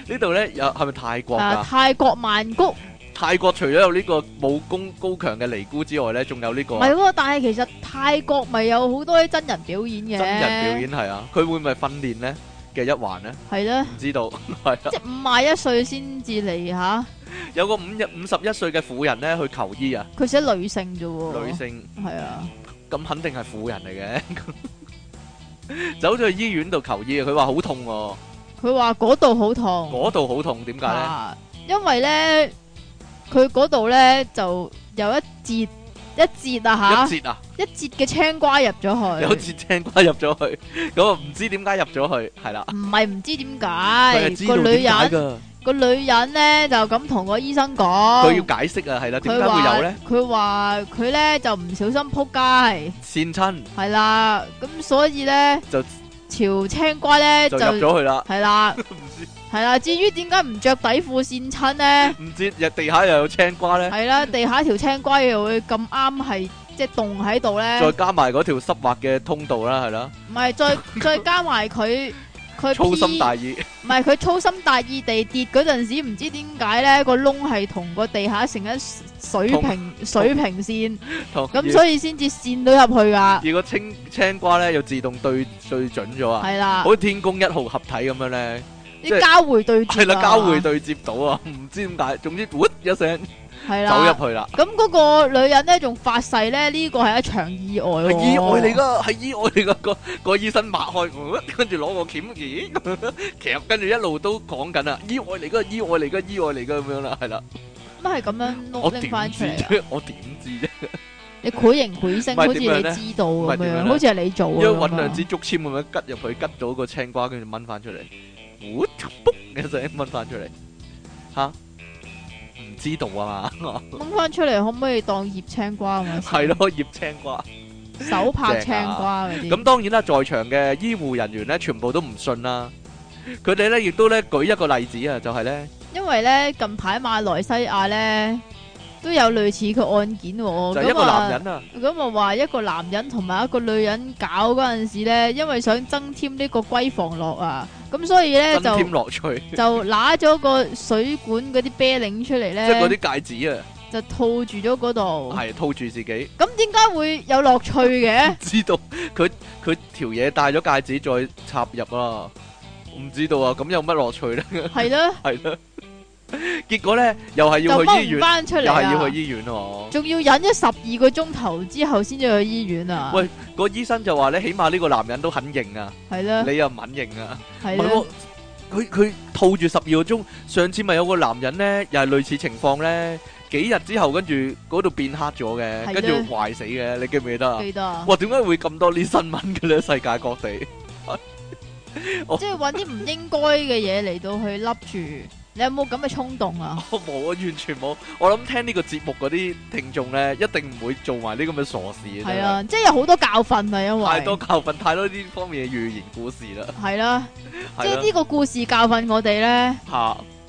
S2: 呢度咧有係咪泰國啊？泰
S1: 國曼谷。
S2: 泰國除咗有呢個武功高強嘅尼姑之外咧，仲有呢個。唔係
S1: 喎，但係其實泰國咪有好多啲真人表演嘅。真人表演
S2: 係啊，佢會唔會訓練咧？嘅一環咧。係咧。唔知道係。即係五
S1: 廿一歲先至嚟吓。
S2: 有個五日五十一歲嘅婦人咧，去求醫啊。
S1: 佢寫女性啫喎。女性。係啊。
S2: 咁肯定係婦人嚟嘅。走咗 去醫院度求醫，佢話好痛喎，
S1: 佢話嗰度好痛，
S2: 嗰度好痛，點解咧？
S1: 因為咧，佢嗰度咧就有一節一節啊，吓一節啊，一節嘅青瓜入咗去， 有一節
S2: 青瓜入咗去，咁啊唔知點解入咗去，係啦，
S1: 唔係唔知點解個女人。個女人咧就咁同個醫生講，佢要解
S2: 釋啊，係啦，點解會有咧？
S1: 佢話佢咧就唔小心扑街，跣親係啦，咁所以咧就條青瓜咧就入咗去啦，係啦，係啦，至於點解唔着底褲跣親咧？唔
S2: 知入地下又有青瓜咧？
S1: 係啦，地下條青瓜又會咁啱係即係凍喺度咧？再
S2: 加埋嗰條濕滑嘅通道啦，係啦，
S1: 唔係再再加埋佢。粗心大意，唔係佢粗心大意地跌嗰陣時，唔知點解咧個窿係同個地下成一水平同水平
S2: 線，咁意所以先
S1: 至線到入去啊。而
S2: 個青青瓜咧又自動對對準咗啊，啦好似天宮一號合體咁樣咧，啲是交
S1: 匯對接係啦，交匯
S2: 對接到啊，唔知點解，總之，一聲。係啦，走入去啦。
S1: 咁嗰個女人咧，仲發誓咧，呢個係一場意外。係意外嚟噶，
S2: 係意外嚟噶，個個醫生擘開佢，跟住攞個鉗鉗，跟住一路都講緊啊，意外嚟噶，意外嚟噶，意外嚟噶咁樣啦，係啦。
S1: 乜係咁樣撈拎翻出嚟啊！我點
S2: 知啫？我點知啫？你鬼形鬼聲，好似你知道咁樣，好似係你做啊嘛。因為搵兩支竹籤咁樣吉入去，吉到個青瓜，跟住掹翻出嚟。我嘣，你又掹翻出嚟，吓？知道啊嘛，掹
S1: 翻出嚟可唔可以當腌青瓜啊？
S2: 係咯，腌青瓜，
S1: 手拍青瓜嗰啲。咁
S2: 當然啦，在場嘅醫護人員咧，全部都唔信啦。佢哋咧亦都咧舉一個例子啊，就係、是、咧，
S1: 因為咧近排馬來西亞咧都有類似嘅案件喎、啊。就一個男人啊，咁啊話一個男人同埋一個女人搞嗰陣時咧，因為想增添呢個閨房樂啊。咁所以咧就增
S2: 添樂趣，就，添趣 就
S1: 拿咗個水管嗰啲啤令出嚟咧，即係嗰啲
S2: 戒指啊，
S1: 就套住咗嗰度，係、
S2: 哎、套住自己。
S1: 咁點解會有樂趣嘅？
S2: 知道佢佢條嘢戴咗戒指再插入啊？唔知道啊？咁有乜樂趣咧？係 啦的，係啦。結果咧，又係要去醫院，又係要去醫院哦。仲
S1: 要忍咗十二個鐘頭之後，先至去醫院啊！喂，
S2: 個醫生就話咧，你起碼呢個男人都肯認啊，係啦，你又唔肯認啊，係啦。佢佢套住十二個鐘，上次咪有個男人咧，又係類似情況咧，幾日之後跟住嗰度變黑咗嘅，跟住壞死嘅，你記唔記得啊？記得啊。哇，點解會咁多啲新聞嘅咧？世界各地，
S1: 即係搵啲唔應該嘅嘢嚟到去笠住。你有冇咁嘅衝動啊？
S2: 我冇啊，完全冇。我諗聽呢個節目嗰啲聽眾咧，一定唔會做埋呢咁嘅傻事。係啊，即
S1: 係有好多教訓啊，因為太多
S2: 教訓，太多呢方面嘅寓言故事啦。係啦，啊，啊，即係呢個
S1: 故事教訓我哋咧，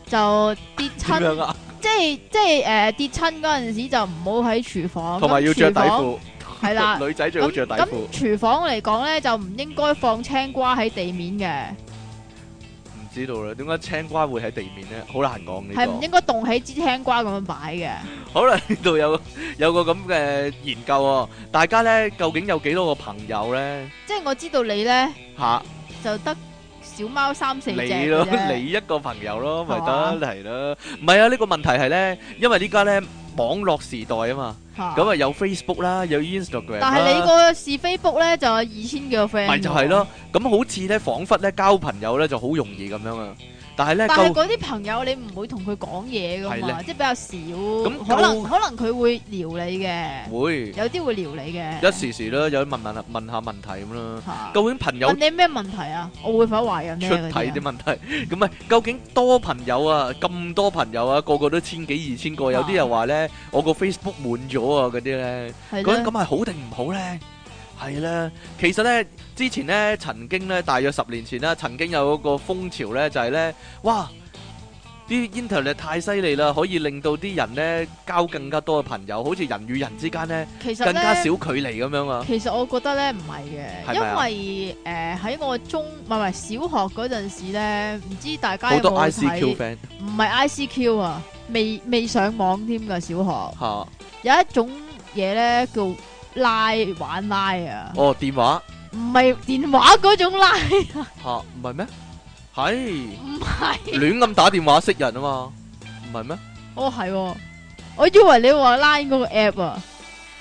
S1: 就跌親，即係即係誒跌親嗰陣時就唔好喺廚房，同埋要着底褲。
S2: 係啦，女仔最好着底褲。咁廚
S1: 房嚟講咧，就唔應該放青瓜喺地面嘅。
S2: 知道啦，點解青瓜會喺地面咧？好難講嘅。個。係唔應
S1: 該棟起支青瓜咁樣擺嘅。
S2: 好啦，呢度有有個咁嘅研究啊、哦。大家咧，究竟有幾多個朋友咧？
S1: 即係我知道你咧嚇，啊、就得小貓三四隻咯。你
S2: 一個朋友咯，咪得係咯？唔係啊，呢、呢個問題係咧，因為呢家咧網絡時代啊嘛。咁啊有 Facebook 啦有 Instagram 但係你個
S1: 是 Facebook 咧就有二千幾個 friend，咪、嗯、就係、是、
S2: 咯。咁好似咧，彷彿咧交朋友咧就好容易咁樣啊。但係咧，但係
S1: 嗰啲朋友你唔會同佢講嘢噶嘛，的即係比較少，嗯、可能可能佢會撩你嘅，會有啲會撩你嘅，一
S2: 時時啦，有啲問問，問下問題咁啦。的究竟朋友問
S1: 你咩問題啊？我會否懷疑咧？出體啲
S2: 問題咁咪？ 究竟多朋友啊，咁多朋友啊，個個都千幾二千個，的有啲又話咧，我個 Facebook 滿咗啊，嗰啲咧，咁係的好定唔好咧？係啦，其實咧，之前咧，曾經咧，大約十年前啦，曾經有一個風潮咧，就係咧，哇，啲 internet 太犀利啦，可以令到啲人咧交更加多嘅朋友，好似人與人之間咧，其實呢更加少距離咁樣啊。其
S1: 實我覺得咧唔
S2: 係嘅，是是啊、因為
S1: 誒喺、呃、我中唔係唔係小學嗰陣時咧，唔知大家好多 ICQ 有冇睇？唔係 ICQ 啊，未未上網添㗎小學。吓的，有一種嘢咧叫。拉玩拉啊！哦，電話唔係電話嗰種拉啊！吓
S2: 唔係咩？係唔係？亂咁打電話識人啊嘛？唔係咩？
S1: 哦係，我以為你話 line 嗰個 app 啊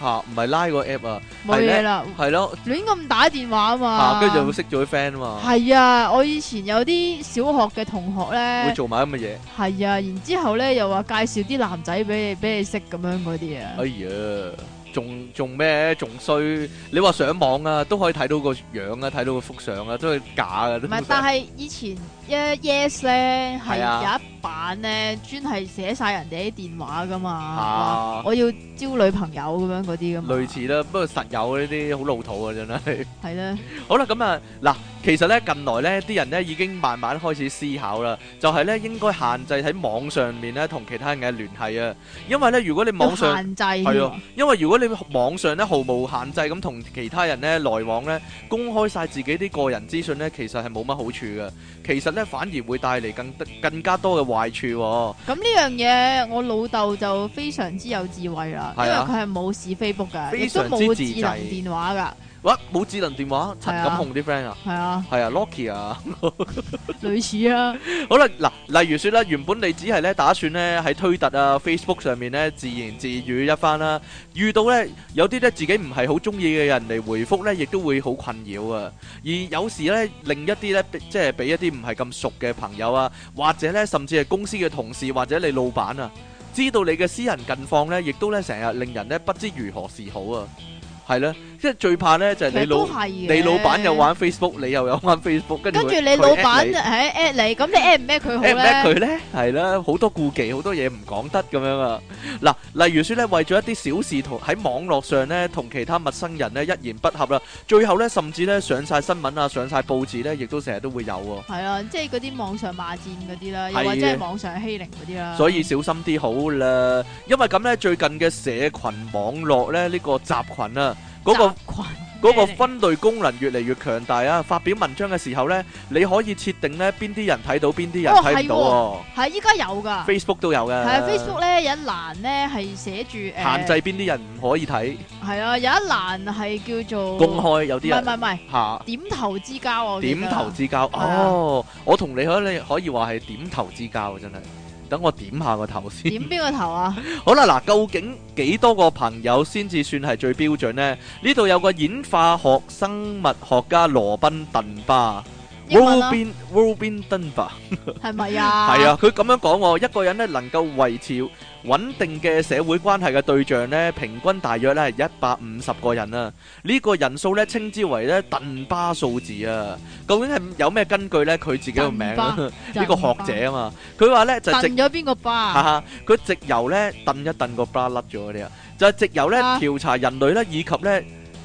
S2: 吓，唔係 line 個 app 啊，冇嘢啦。係咯，
S1: 亂咁打電話啊嘛，吓，跟住就會
S2: 識咗啲 friend 啊嘛。係
S1: 啊，我以前有啲小學嘅同學咧會做
S2: 埋咁嘅嘢。
S1: 係啊，然之後咧又話介紹啲男仔俾你俾你識咁樣嗰啲啊。
S2: 哎呀！仲仲咩？仲衰？你話上網啊，都可以睇到個樣啊，睇到個幅相啊，都係假嘅。都唔係，但係
S1: 以前。一、yeah, yes 咧係 Yeah. 有一版咧，專係寫晒人哋啲電話噶嘛，話 Yeah. 我要招女朋友
S2: 咁樣嗰啲噶嘛。類似啦，不過實有呢啲好老土啊，真係。係啦 Yeah. 好啦，咁啊嗱，其實咧近來咧啲人咧已經慢慢開始思考啦，就係、是、咧應該限制喺網上面咧同其他人嘅聯繫啊，因為咧如果你網上限制係啊，因為如果你網上咧毫無限制咁同其他人咧來往咧，公開晒自己啲個人資訊咧，其實係冇乜好處噶，其實。反而會帶嚟更更加多嘅壞處喎、
S1: 哦。咁呢、嗯、樣嘢，我老豆就非常之有智慧啦，啊、因為佢係冇是非 book 㗎，亦都冇智能電話㗎。
S2: 哇！冇智能電話，陳錦紅啲 friend 啊，係啊，係啊，Lockie 啊，lock y 啊 類似啊。 好啦，嗱，例如說咧，原本你只係咧打算咧喺推特啊、Facebook 上面咧自言自語一番啦、啊，遇到咧有啲咧自己唔係好中意嘅人嚟回覆咧，亦都會好困擾啊。而有時咧，另一啲咧即係俾一啲唔係咁熟嘅朋友啊，或者咧甚至係公司嘅同事或者你老闆啊，知道你嘅私人近況咧，亦都咧成日令人咧不知如何是好啊。係啦。即係最怕咧，就係你老你老闆又玩 Facebook，你又有玩 Facebook，跟住你老闆
S1: 喺 at 你，咁你 at 唔 at 佢好咧？at 唔 at 佢咧？
S2: 係啦，好多顧忌，好多嘢唔講得咁樣啊！嗱，例如說咧，為咗一啲小事同喺網絡上咧，同其他陌生人咧一言不合啦，最後咧甚至咧上曬新聞啊，上曬報紙咧，亦都成日都會有喎。
S1: 係啊，即係嗰啲網上罵戰嗰啲啦，又或者係網上欺凌嗰啲啦。所
S2: 以小心啲好啦，因為咁咧，最近嘅社群網絡咧呢個集羣啊。個群嗰個分類功能越嚟越強大啊！發表文章嘅時候咧，你可以設定咧邊啲人睇到邊啲人睇唔到
S1: 哦。係依家有噶
S2: ，Facebook 都有噶。係啊，Facebook
S1: 咧有一欄咧係寫住限制
S2: 邊啲人唔可以睇。
S1: 係啊，有一欄係叫做公開有啲人。唔係唔係吓，點頭之交。點頭之
S2: 交哦，我同你可你可以話係點頭之交，真係。等我點下個頭先。點
S1: 邊個頭啊？ 好
S2: 啦，嗱，究竟幾多個朋友先至算係最標準呢？呢度有個演化學生物學家羅賓鄧巴。Robin，Robin Dunbar
S1: 係咪啊？係啊，
S2: 佢咁樣講喎，一個人咧能夠維持穩定嘅社會關係嘅對象咧，平均大約咧係一百五十個人啊！呢個人數咧稱之為咧鄧巴數字啊！究竟係有咩根據咧？佢自己個名啊，呢個學者啊嘛，佢話咧就係直咗
S1: 邊個巴？哈哈，
S2: 佢直由咧鄧一鄧個巴甩咗啲啊！就係直由咧調查人類咧以及咧。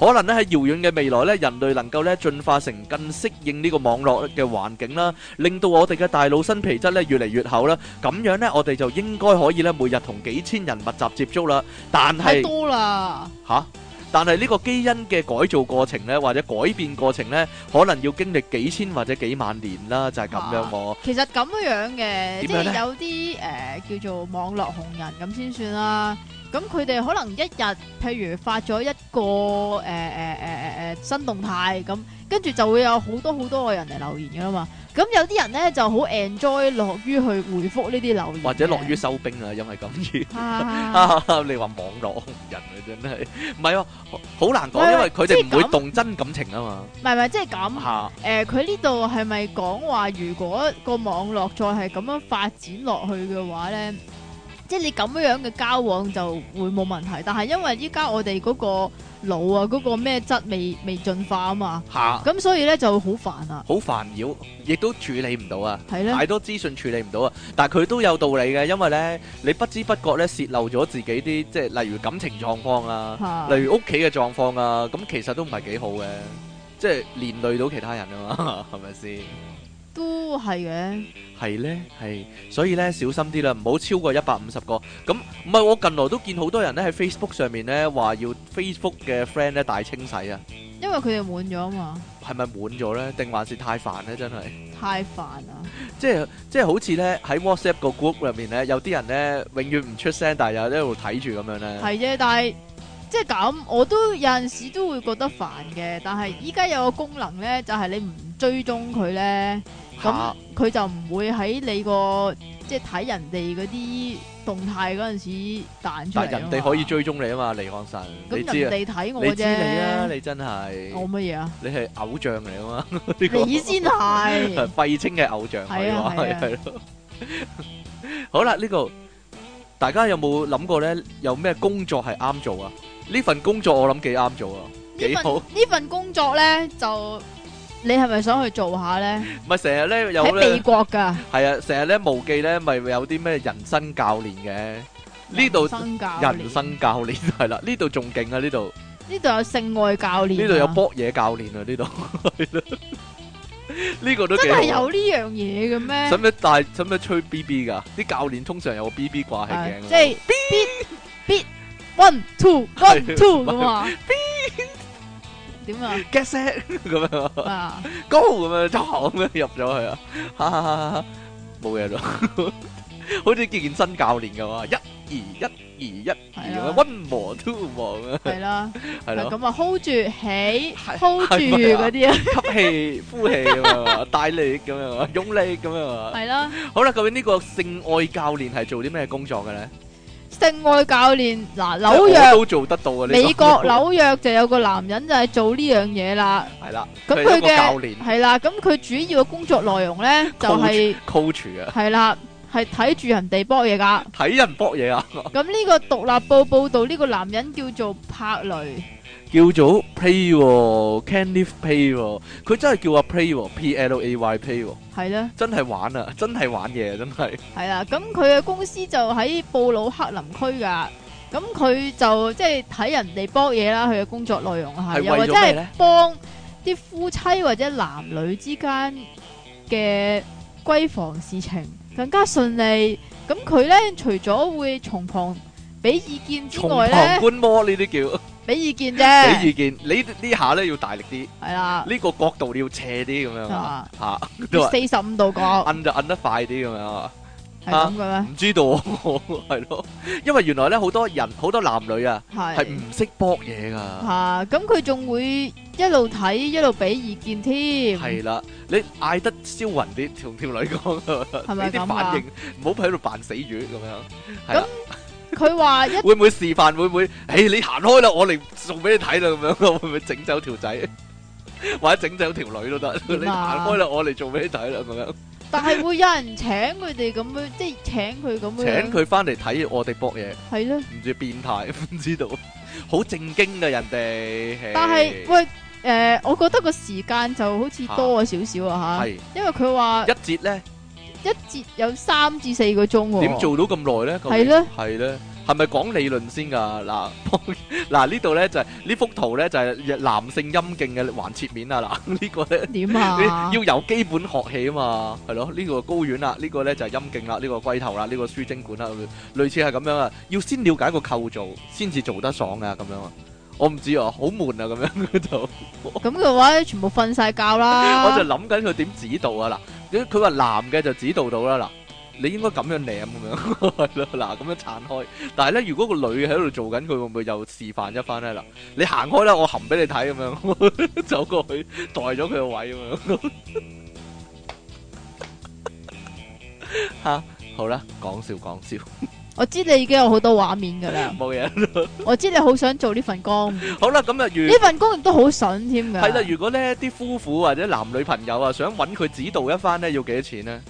S2: 可能咧喺遙遠嘅未來咧，人類能夠咧進化成更適應呢個網絡嘅環境啦，令到我哋嘅大腦新皮質咧越嚟越厚啦。咁樣咧，我哋就應該可以咧每日同幾千人密集接觸啦。但係，多
S1: 啦，
S2: 吓，但係呢個基因嘅改造過程咧，或者改變過程咧，可能要經歷幾千或者幾萬年啦，就係咁樣喎。
S1: 其實咁樣嘅，即係有啲誒叫做網絡紅人咁先算啦。咁佢哋可能一日，譬如發咗一個誒誒誒誒誒新動態，咁跟住就會有好多好多個人嚟留言噶嘛。咁有啲人咧就好 enjoy 樂於去回覆呢啲留言，或者樂於
S2: 收兵啊，因為咁樣。啊，你話網絡人啊，真係唔係哦，好難講，因為佢哋唔會動真感情啊嘛。
S1: 唔係唔係，即係咁。誒，佢呢度係咪講話如果個網絡再係咁樣發展落去嘅話咧？即係你咁樣嘅交往就會冇問題，但係因為依家我哋嗰個腦啊，嗰、嗰個咩質未未進化啊嘛，咁哈所以咧就會好煩啊，
S2: 好煩擾，亦都處理唔到啊，呢太多資訊處理唔到啊，但係佢都有道理嘅，因為咧你不知不覺咧洩漏咗自己啲，即係例如感情狀況啊，哈例如屋企嘅狀況啊，咁其實都唔係幾好嘅，即係連累到其他人啊嘛，係咪先？
S1: 都係嘅，
S2: 係咧，係，所以咧小心啲啦，唔好超過一百五十個。咁唔係我近來都見好多人咧喺 Facebook 上面咧話要 Facebook 嘅 friend 咧大清洗啊，
S1: 因為佢哋滿咗啊嘛。
S2: 係咪滿咗咧？定還，還是太煩咧？真係
S1: 太煩啊、 就
S2: 是就是！即係即係好似咧喺 WhatsApp 個 group 入面咧，有啲人咧永遠唔出聲，但係又一路睇住咁樣咧。係
S1: 嘅，但係即係咁，我都有陣時都會覺得煩嘅。但係依家有個功能咧，就係、是、你唔追蹤佢咧。咁佢就唔會喺你個即係睇人哋嗰啲動態嗰陣時彈出嚟，但人哋可
S2: 以追蹤你啊嘛，李漢臣。咁人哋睇我啫。你知，你啊？你真係我乜嘢啊？你係偶像嚟啊嘛？這個、你先係廢青嘅偶像係嘛？係咯、啊。啊啊、 好啦，呢、這個大家有冇諗過咧？有咩工作係啱做啊？呢份工作我諗幾啱做啊？呢份
S1: 呢好份工作咧就。你係咪想去做下咧？
S2: 唔係成日咧有喺美國噶。係啊，成日咧無忌咧咪有啲咩人生教練嘅？呢度人生教練係啦，呢度仲勁啊呢度。
S1: 呢度有性愛教練。呢度有
S2: 搏嘢教練啊，呢度。呢個都真係有
S1: 呢樣嘢嘅咩？使
S2: 乜帶？使乜吹 B B 噶？啲教練通常有個 B B 掛係嘅。
S1: 即係 B B one two one two 嘛。
S2: 點啊？get set 咁樣啊？go 咁樣，就咁樣入咗去啊！冇嘢咯，好似健身教練咁啊！一二一二一二，係啊，溫和粗暴啊，係啦，係啦。咁啊
S1: ，hold 住起，hold 住嗰啲
S2: 吸氣呼氣咁啊，帶力咁啊，用力咁啊，係啦。好啦，究竟呢個性愛教練係做啲咩工作嘅咧？
S1: 性愛教練，嗱、啊、紐約都做
S2: 得到嘅。美國紐
S1: 約就有個男人就係做呢樣嘢啦。係啦，咁佢嘅教練係啦，咁佢主要嘅工作內容咧就係
S2: coach 啊。係
S1: 啦 coach，係睇住人哋搏嘢噶，
S2: 睇人搏嘢啊。
S1: 咁 呢個獨立報報道呢、這個男人叫做柏雷。
S2: 叫做 play 喎、哦，can't live play、哦哦、p、L、a y 喎、哦，佢呢真係叫阿 play 喎，P L A Y p a y 喎，係咧，真係玩啊，真係玩嘢，真係。
S1: 係啦，咁佢嘅公司就喺布魯克林區㗎，咁佢就即係睇人哋幫嘢啦，佢嘅工作內容係有即係幫啲夫妻或者男女之間嘅閨房事情更加順利。咁佢咧除咗會從旁俾意見之外咧，從旁
S2: 觀摩呢啲叫。俾意見啫，俾意見，你呢下咧要大力啲，係啦，呢個角度你要斜啲咁樣，吓都話四
S1: 十五度角，摁
S2: 就摁得快啲咁樣，係咁嘅咩？唔知道，係咯，因為原來咧好多人，好多男女啊，係唔識搏嘢噶，吓
S1: 咁佢仲會一路睇一路俾意見添，係啦，
S2: 你嗌得消魂啲，同條女講，呢啲反應唔好喺度扮死魚咁樣，係啦。
S1: 佢話會
S2: 唔會示範？會唔會？誒、欸，你行開啦，我嚟做俾你睇啦，咁樣，會唔會整走條仔，或者整走條女都得？啊、你行開啦，我嚟做俾你睇啦，咁樣。
S1: 但係會有人請佢哋咁樣， 即係請佢咁樣。請佢
S2: 返嚟睇我哋博嘢，係咯呢？唔知變態唔知道，好正經噶、啊、人哋。但係喂，
S1: 誒、呃，我覺得個時間就好似多咗少少啊吓，因為佢話一節咧。一節有三至四個鐘喎，點做
S2: 到咁耐咧？係咧，係咧，係咪講理論先噶？嗱，嗱呢度咧就係呢幅圖咧就係男性陰莖嘅橫切面啊！嗱，呢個咧點啊？要由基本學起啊嘛，係咯？呢個睾丸啦，呢個咧就係陰莖啦，呢個龜頭啦，呢個輸精管啦，類似係咁樣啊。要先了解個構造，先至做得爽啊！咁樣啊，我唔知啊，好悶啊！咁樣就，
S1: 咁嘅話全部瞓晒覺啦。我就諗
S2: 緊佢點指導啊！嗱。佢佢話男嘅就指導到啦，嗱，你應該咁樣舐，咁樣，嗱，咁樣撐開。但係咧，如果個女喺度做緊，佢會唔會又示範一番咧？嗱，你行開啦，我含俾你睇咁樣， 走過去代咗佢個位咁樣。嚇、 啊，好啦，講笑講笑。我知
S1: 你已經有好多畫面噶啦，
S2: 冇嘢。
S1: 我知你好想做呢份工。
S2: 好啦，咁啊，呢份
S1: 工亦都好筍添嘅。係啦，如
S2: 果呢啲夫婦或者男女朋友啊，想揾佢指導一番呢，要幾多錢呢？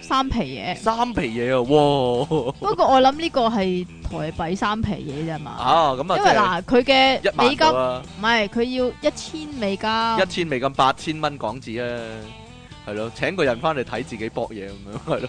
S1: 三皮嘢，三皮
S2: 嘢啊！哇，不過
S1: 我諗呢個係台幣三皮嘢啫嘛。啊，咁啊，因為嗱，佢嘅美金唔係，佢要一千美金，一
S2: 千美金八千蚊港紙啊，係咯，請個人翻嚟睇自己搏嘢咁樣，係咯。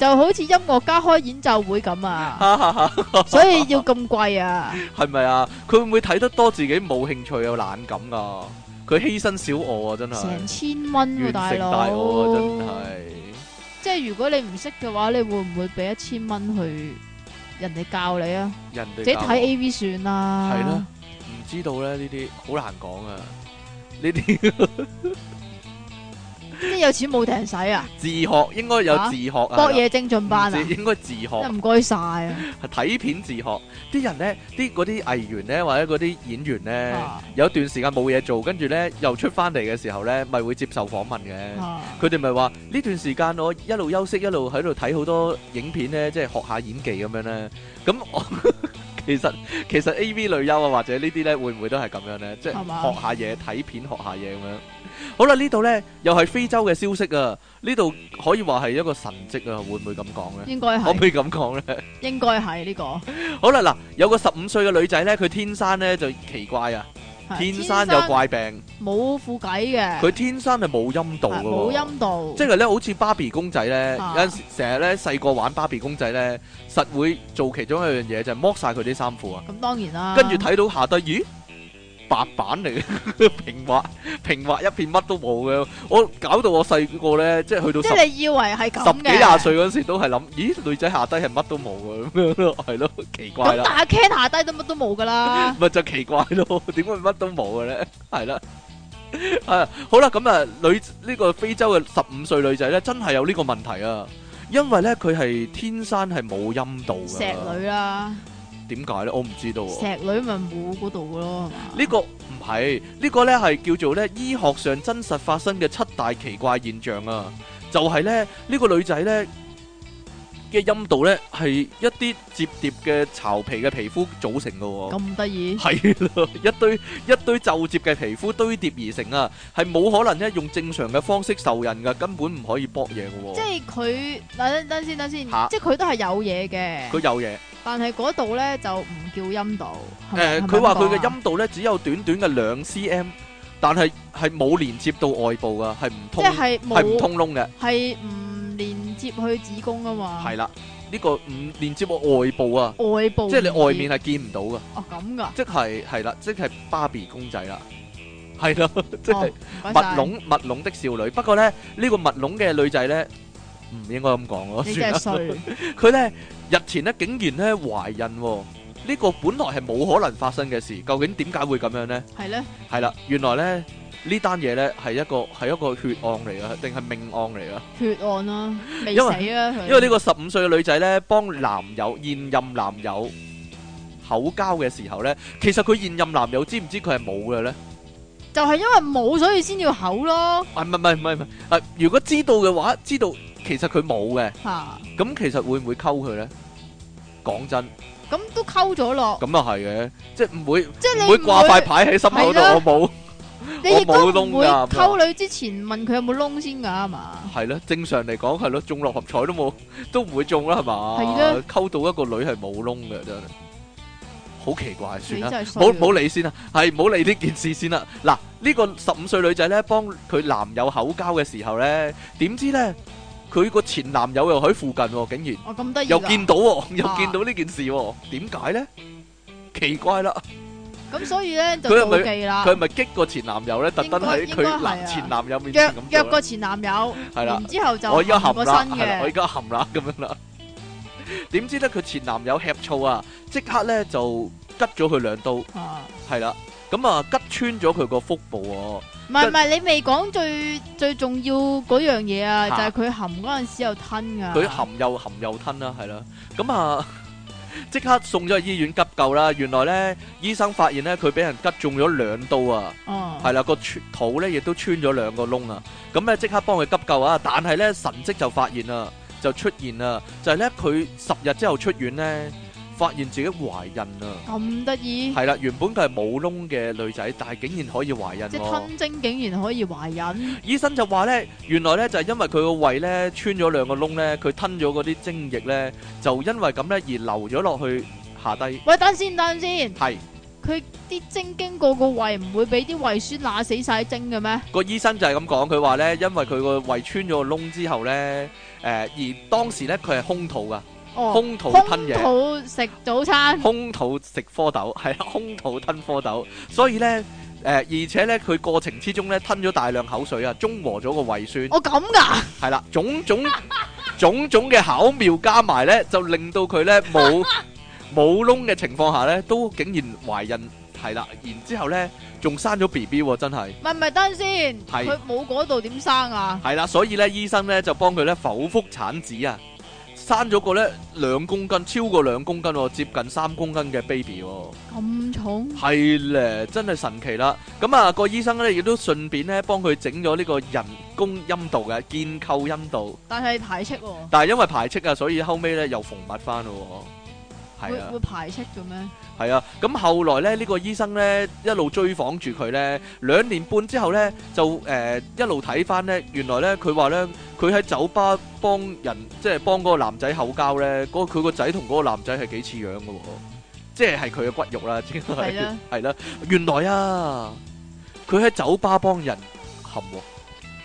S1: 就好似音樂家開演奏會咁啊，
S2: 所
S1: 以要咁貴啊？
S2: 係咪 啊？佢會唔會睇得多自己冇興趣有懶感啊？佢犧牲小我啊，真係成
S1: 千蚊，啊，大佬，大我，啊、真係。即係如果你唔識嘅話，你會唔會俾一千蚊去人哋教你啊？人哋。自己睇 A V 算啦。係
S2: 咯，唔知道咧呢啲好難講啊，呢啲。
S1: 啲有錢冇停使啊！ 自學應該有自學啊，的博野精進班啊，應
S2: 該自學。唔
S1: 該晒啊！係
S2: 睇 片自學，啲人咧，啲嗰啲藝員咧，或者嗰啲演員咧，啊、有段時間冇嘢做，跟住咧又出翻嚟嘅時候咧，咪會接受訪問嘅。佢哋咪話：呢段時間我一路休息，一路喺度睇好多影片咧，即係學下演技咁樣咧。咁我。 其實其實 A.V. 女優啊，或者呢啲咧會唔會都係咁樣呢？即係吧學下嘢，睇片學下嘢咁樣。 好啦，呢度呢又係非洲嘅消息啊！呢度可以話係一個神蹟啊，會唔會咁講呢？應該係。可唔可以咁講呢？
S1: 應該係呢個。
S2: 好啦，嗱，有個十五歲嘅女仔呢，佢天生呢就奇怪啊。天生有怪病，
S1: 冇褲計嘅。佢
S2: 天生係冇陰道，冇陰道。即係咧，好似芭比公仔咧，啊、有陣時成日咧細個玩芭比公仔咧，實會做其中一樣嘢就係剝晒佢啲衫褲啊！咁、嗯、
S1: 當然啦，跟住睇
S2: 到下低。咦白板嚟嘅，平滑平滑一片，乜都冇嘅。我搞到我細個咧，即係去到十，即係你
S1: 以為係咁嘅，十幾廿
S2: 歲嗰時都係諗，咦，女仔下低係乜都冇嘅咁樣咯，係咯，奇怪啦。咁但
S1: 係 Ken 下低都乜都冇噶啦，
S2: 咪就奇怪咯，點解乜都冇嘅咧？係啦，係啊好啦，咁啊，女呢個非洲嘅十五歲女仔咧，真係有呢個問題啊，因為咧佢係天生係冇陰道嘅石女啦。點解呢？我唔知道啊。石
S1: 女文冇嗰度咯，係
S2: 呢、呢個唔係，呢、呢個呢係叫做咧醫學上真實發生嘅七大奇怪現象啊！就係、是、咧呢、呢個女仔呢。嘅陰道咧係一啲折疊嘅巢皮嘅皮膚組成噶，咁
S1: 得意係咯，
S2: 一堆一堆皺折嘅皮膚堆疊而成啊，係冇可能咧用正常嘅方式受孕噶，根本唔可以搏嘢噶。即係
S1: 佢等先等先，即係佢都係有嘢嘅，佢有嘢，但係嗰度咧就唔叫陰道。誒，佢話佢嘅陰
S2: 道咧只有短短嘅兩 cm，但係係冇連接到外部噶，係唔通，即係係唔通窿嘅，係
S1: 唔。連接去子宮啊嘛，係
S2: 啦，呢個唔連接我外部啊，外
S1: 部即係你外面係見唔到噶。哦咁噶，即
S2: 係係啦，即係芭比公仔啦，係咯，即係蜜攏蜜攏的少女。不過咧，呢個蜜攏嘅女仔咧，唔應該咁講咯，算啦。佢咧日前咧竟然咧懷孕，呢個本來係冇可能發生嘅事，究竟點解會咁樣咧？係咧，係啦，原來咧。呢單嘢咧係一個係一個血案嚟噶，定係命案嚟噶？
S1: 血案啦，未死啦。因為呢
S2: 個十五歲嘅女仔咧，幫男友現任男友口交嘅時候咧，其實佢現任男友知唔知佢係冇嘅咧？
S1: 就係因為冇所以先要口咯。
S2: 唔係唔係唔係唔係，如果知道嘅話，知道其實佢冇嘅。吓咁其實會唔會溝佢咧？講真，
S1: 咁都溝咗咯。
S2: 咁啊係嘅，即係唔會，即係你會掛塊牌喺心口度，我冇。你亦都唔會溝女
S1: 之前問佢有冇窿先噶係嘛？
S2: 係咯，正常嚟講係咯，中六合彩都冇，都唔會中啦係嘛？係咯，溝到一個女係冇窿嘅真係，好奇怪，算啦，冇冇理先啦，係冇理呢件事先啦。嗱，呢個十五歲女仔咧幫佢男友口交嘅時候咧，點知咧佢個前男友又喺附近，竟然，哦咁得意，又見到，又見到呢件事，點解咧？奇怪啦。
S1: 咁、嗯、所以咧就妒忌啦，佢
S2: 係咪激過前男友咧？特登喺佢前男友面前咁約過
S1: 前男友，
S2: 係啦，之後就我而家含啦，我而家含啦咁樣啦。點 知咧佢前男友吃醋啊，即刻咧就拮咗佢兩刀，係啦、啊，咁啊拮穿咗佢個腹部、啊。唔係唔係，
S1: 你未講最最重要嗰樣嘢啊？啊就係佢含嗰陣時又吞噶、啊。佢、啊、
S2: 含又含又吞啦，係啦，咁啊。即刻送咗去醫院急救啦！原來呢，醫生發現呢，佢俾人吉中咗兩刀啊！係啦、oh.，個肚呢亦都穿咗兩個窿啊！咁呢即刻幫佢急救啊！但係呢，神跡就發現啦，就出現啦，就係、是、呢，佢十日之後出院呢。發現自己懷孕啊！
S1: 咁得意係
S2: 啦，原本佢係冇窿嘅女仔，但係竟然可以懷孕。即係吞
S1: 精竟然可以懷孕？醫生就話咧，
S2: 原來咧就係因為佢個胃咧穿咗兩個窿咧，佢吞咗嗰啲精液咧，就因為咁咧而流咗落去下低。喂，
S1: 等先，等先。係。佢啲精經過個胃唔會俾啲胃酸辣死晒精嘅咩？
S2: 個醫生就係咁講，佢話咧，因為佢個胃穿咗個窿之後咧，誒、呃、而當時咧佢係空肚㗎。空肚吞嘢，空肚
S1: 食早餐，空
S2: 肚食蝌蚪，係啊，空肚吞蝌蚪，所以咧，誒，而且咧，佢過程之中咧吞咗大量口水啊，中和咗個胃酸。哦咁噶？係啦，種種種種嘅巧妙加埋咧，就令到佢咧冇冇窿嘅情況下咧，都竟然懷孕，係啦，然之後咧仲生咗 B B，真係。
S1: 咪咪等先，佢冇嗰度點生啊？
S2: 係啦，所以咧，醫生咧就幫佢咧剖腹產子啊。生咗個咧，兩公斤，超過兩公斤喎、哦，接近三公斤嘅 baby 喎、
S1: 哦。咁重？
S2: 係咧，真係神奇啦！咁啊，個醫生咧亦都順便咧幫佢整咗呢個人工陰道嘅建構陰道。
S1: 但係排斥喎、哦。
S2: 但係因為排斥啊，所以後尾咧又縫密翻咯。啊、會會
S1: 排斥
S2: 嘅咩？係啊，咁、嗯、後來咧、呢、這個醫生咧一路追訪住佢咧，兩年半之後咧就誒、呃、一路睇翻咧，原來咧佢話咧，佢喺酒吧幫人即係幫嗰個男仔口交咧，嗰、那、佢個仔同嗰個男仔係幾似樣嘅、哦，即係係佢嘅骨肉啦，係啦，原來啊，佢喺酒吧幫人含。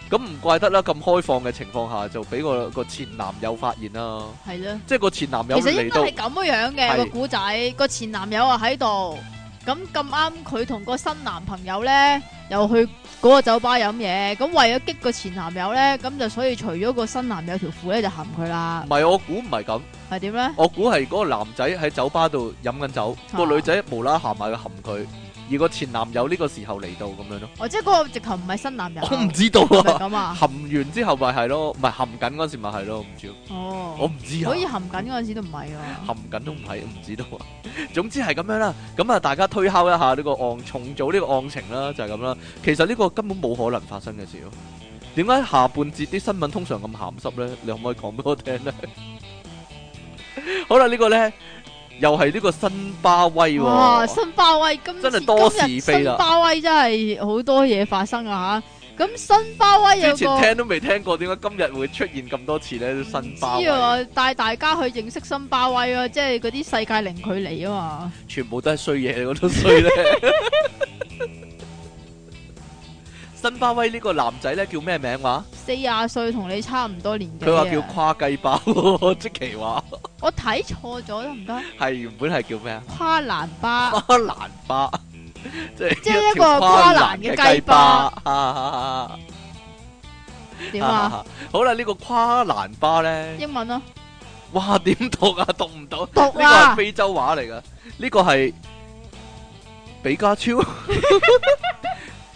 S2: 咁唔怪得啦，咁開放嘅情況下就俾個個前男友發現啦。係咯，即係個前男友嚟到。其實應
S1: 該係咁樣嘅個故仔，個前男友啊喺度，咁咁啱佢同個新男朋友咧又去嗰個酒吧飲嘢，咁為咗激個前男友咧，咁就所以除咗個新男友條褲咧就含佢啦。
S2: 唔係，我估唔係咁，係點咧？我估係嗰個男仔喺酒吧度飲緊酒，個女仔無啦啦行埋去含佢。而個前男友呢個時候嚟到咁樣咯，
S1: 哦，即係嗰個直頭唔係新男友，我唔知道啊，咁啊，
S2: 含完之後咪係咯，唔係含緊嗰陣時咪係咯，唔知哦，我唔知可以
S1: 含緊嗰陣時都唔係
S2: 喎，含緊都唔係，唔知道啊，總之係咁樣啦，咁啊大家推敲一下呢個案，重組呢個案情啦，就係咁啦，其實呢個根本冇可能發生嘅事咯，點解下半節啲新聞通常咁鹹濕咧？你可唔可以講俾我聽咧？好啦，呢個咧。又係呢個新巴威、哦，哇！
S1: 新巴威今真係多是非啦，新巴威真係好多嘢發生啊吓。咁新巴威有個，之前聽都未
S2: 聽過，點解今日會出現咁多次咧？啊、新巴威，知啊，
S1: 帶大家去認識新巴威啊，即係嗰啲世界零距離啊嘛。
S2: 全部都係衰嘢，我都衰咧。 新巴威呢個男仔咧叫咩名話？
S1: 四十歲同你差唔多年紀，佢話叫
S2: 跨雞巴，即 奇話。
S1: 我睇錯咗得唔得？
S2: 係原本係叫咩蘭 啊？
S1: 跨蘭巴。跨蘭
S2: 巴，即係即係一個跨蘭嘅雞巴。點啊？好啦，呢個跨蘭巴咧，英
S1: 文咯。
S2: 哇，點讀啊？讀唔到？讀啊啦！呢個係非洲話嚟噶，呢、這個係比加超。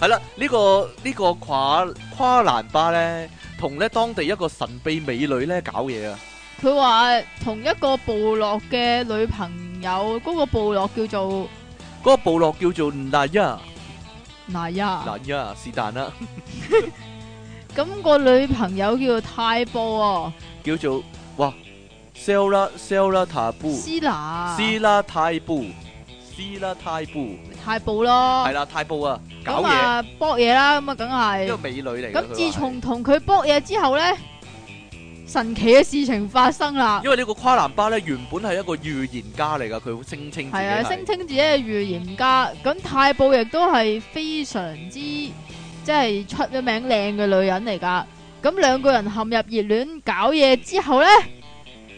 S2: 係啦，呢個呢個跨跨欄巴咧，同咧當地一個神秘美女咧搞嘢啊！
S1: 佢話同一個部落嘅女朋友，嗰個部落叫做嗰
S2: 個部落叫做納亞納亞納亞是但啦。
S1: 咁個女朋友叫做泰布啊，
S2: 叫做哇，Sila Sila 泰布
S1: ，Silasila
S2: 泰布，Silasila 泰布。
S1: 泰布咯，係啦，
S2: 泰布、嗯、事啊，搞嘢
S1: 博嘢啦，咁啊梗係一個美女嚟。咁自從同佢博嘢之後咧，神奇嘅事情發生啦。
S2: 因為呢個跨欄巴咧，原本係一個預言家嚟噶，佢聲稱係啊，聲
S1: 稱自己係預言家。咁泰布亦都係非常之即係出咗名靚嘅女人嚟噶。咁兩個人陷入熱戀搞嘢之後咧。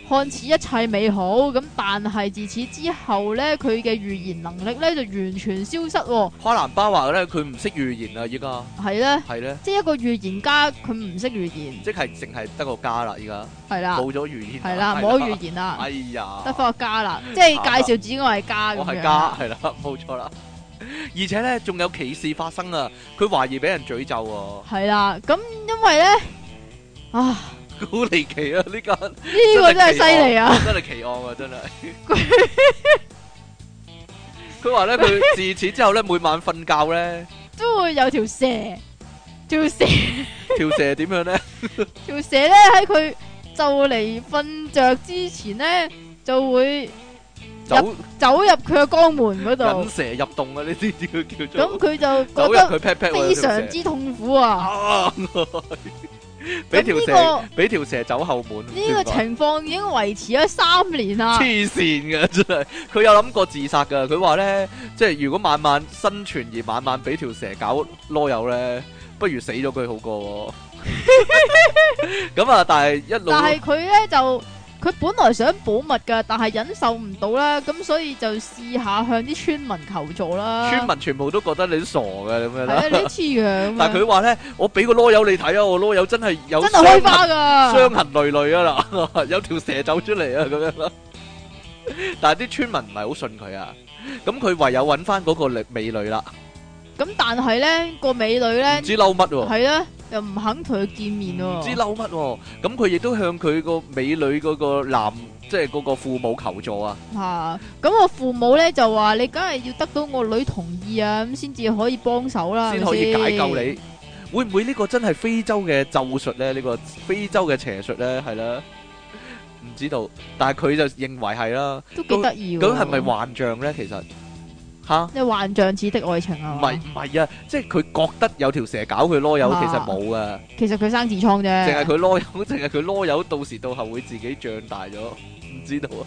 S1: 看似一切美好，咁但係自此之後咧，佢嘅預言能力咧就完全消失。
S2: 哈蘭巴話咧，佢唔識預言啊，依家係咧，係咧呢，呢即
S1: 係一個預言家，佢唔識預言，
S2: 即係淨係得個家啦，依家係啦，冇咗預言，係啦，冇預言啦，哎呀，得
S1: 翻個家啦，即係介紹自己係家咁樣，我係家
S2: 係啦，冇錯啦。 而且咧，仲有歧事發生懷啊！佢懷疑俾人詛咒，
S1: 係啦。咁因為咧，啊。啊
S2: 好離奇啊！呢間呢個真係犀利啊！真係奇案啊！真係。 佢話咧，佢自此之後咧，每晚瞓覺咧，
S1: 都會有條蛇，條蛇，條 蛇點樣咧？條蛇咧喺佢就嚟瞓着之前咧，就會入走，走入佢嘅肛門嗰度。引
S2: 蛇入洞啊！你知唔知佢
S1: 叫做咁，佢就覺得非常之痛苦啊！
S2: 俾條蛇，俾條、這個、蛇走後門。呢個情
S1: 況已經維持咗三年啦。黐
S2: 線㗎真係，佢有諗過自殺噶。佢話咧，即係如果晚晚生存而晚晚俾條蛇搞囉柚咧，不如死咗佢好過、哦。咁啊，但係一路，但係
S1: 佢咧就。佢本來想保密噶，但係忍受唔到啦，咁所以就試下向啲村民求助啦。村
S2: 民全部都覺得你傻噶，點解咧？係你呢次
S1: 樣。但係佢話
S2: 咧，我俾個囉柚你睇啊，我囉柚真係有真係開花噶，傷痕累累啊啦，有條蛇走出嚟啊咁樣啦。但係啲村民唔係好信佢啊，咁佢唯有揾翻嗰個女美女啦。
S1: 咁但係咧個美女咧，唔知嬲乜喎。係啊。又唔肯同佢見面咯，唔知嬲
S2: 乜。咁佢亦都向佢個美女嗰個男，即係嗰個父母求助啊。吓，
S1: 咁我父母咧就話：你梗係要得到我女同意啊，咁先至可以幫手啦，先可以解救你。
S2: 會唔會呢個真係非洲嘅咒術咧？呢個非洲嘅邪術咧，係啦，唔知道。但係佢就認為係啦，都幾得意。咁係咪幻象咧？其實？嚇！即幻象似的愛情啊！唔係唔係啊！即佢覺得有條蛇搞佢籮柚，其實冇啊！
S1: 其實佢生痔瘡啫，淨係
S2: 佢籮柚，淨係佢籮柚，到時到候會自己脹大咗，唔知道啊！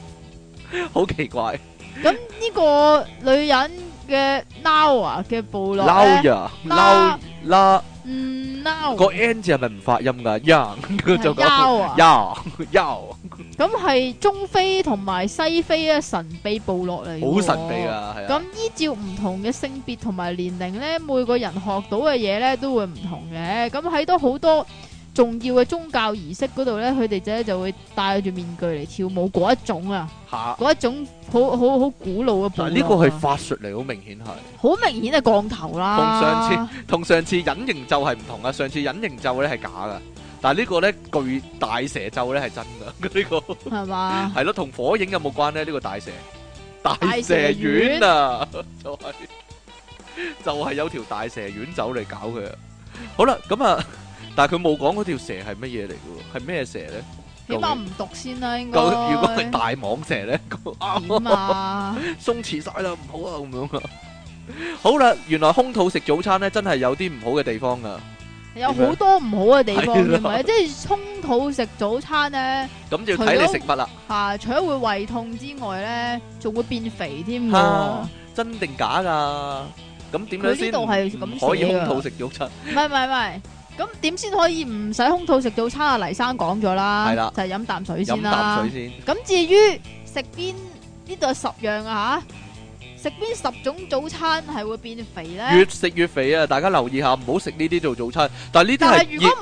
S2: 好奇怪！
S1: 咁呢個女人嘅 now 嘅部落咧？now 啊
S2: ？now 喇？嗯，now 個 n g 係咪唔發音噶？y o 就講 y o y o
S1: 咁係中非同埋西非咧，神秘部落嚟
S2: 嘅，好神秘噶，係啊。咁
S1: 依照唔同嘅性別同埋年齡咧，每個人學到嘅嘢咧都會唔同嘅。咁喺都好多。重要嘅宗教儀式嗰度咧，佢哋仔就會戴住面具嚟跳舞嗰一種啊，嗰下一種好好好古老嘅、啊。但係呢個係
S2: 法術嚟，好明顯係。
S1: 好明顯係降頭啦。同上次
S2: 同上次隱形咒係唔同啊！上次隱形咒咧係假嘅，但係呢個咧巨大蛇咒咧係真嘅呢、這個 吧。係嘛？ 係咯，同火影有冇關咧？呢、這個大蛇大蛇丸啊， 就係、是、就係、是、有條大蛇丸走嚟搞佢。啊。好啦，咁啊。 但係佢冇講嗰條蛇係乜嘢嚟嘅，係咩蛇咧？起碼唔
S1: 毒先啦，應該。如果係
S2: 大蟒蛇咧，咁啱啊！鬆弛晒啦，唔好啊，咁樣啊。好啦，原來空肚食早餐咧，真係有啲唔好嘅地方噶。
S1: 有好多唔好嘅地方嘅，唔係即係空肚食早餐咧。
S2: 咁就睇你食乜啦。
S1: 吓，除咗會胃痛之外咧，仲會變肥添嘅。
S2: 真定假噶？咁點樣先？佢呢度係咁，可以空肚食早餐。
S1: 唔係，唔係，唔係。咁點先可以唔使空肚食早餐啊？黎生講咗啦，係啦的，就飲啖水先啦。飲啖水先。咁至於食邊呢度十樣啊吓，食邊十種早餐係會變肥咧？越
S2: 食越肥啊！大家留意下，唔好食呢啲做早餐。但係呢啲係。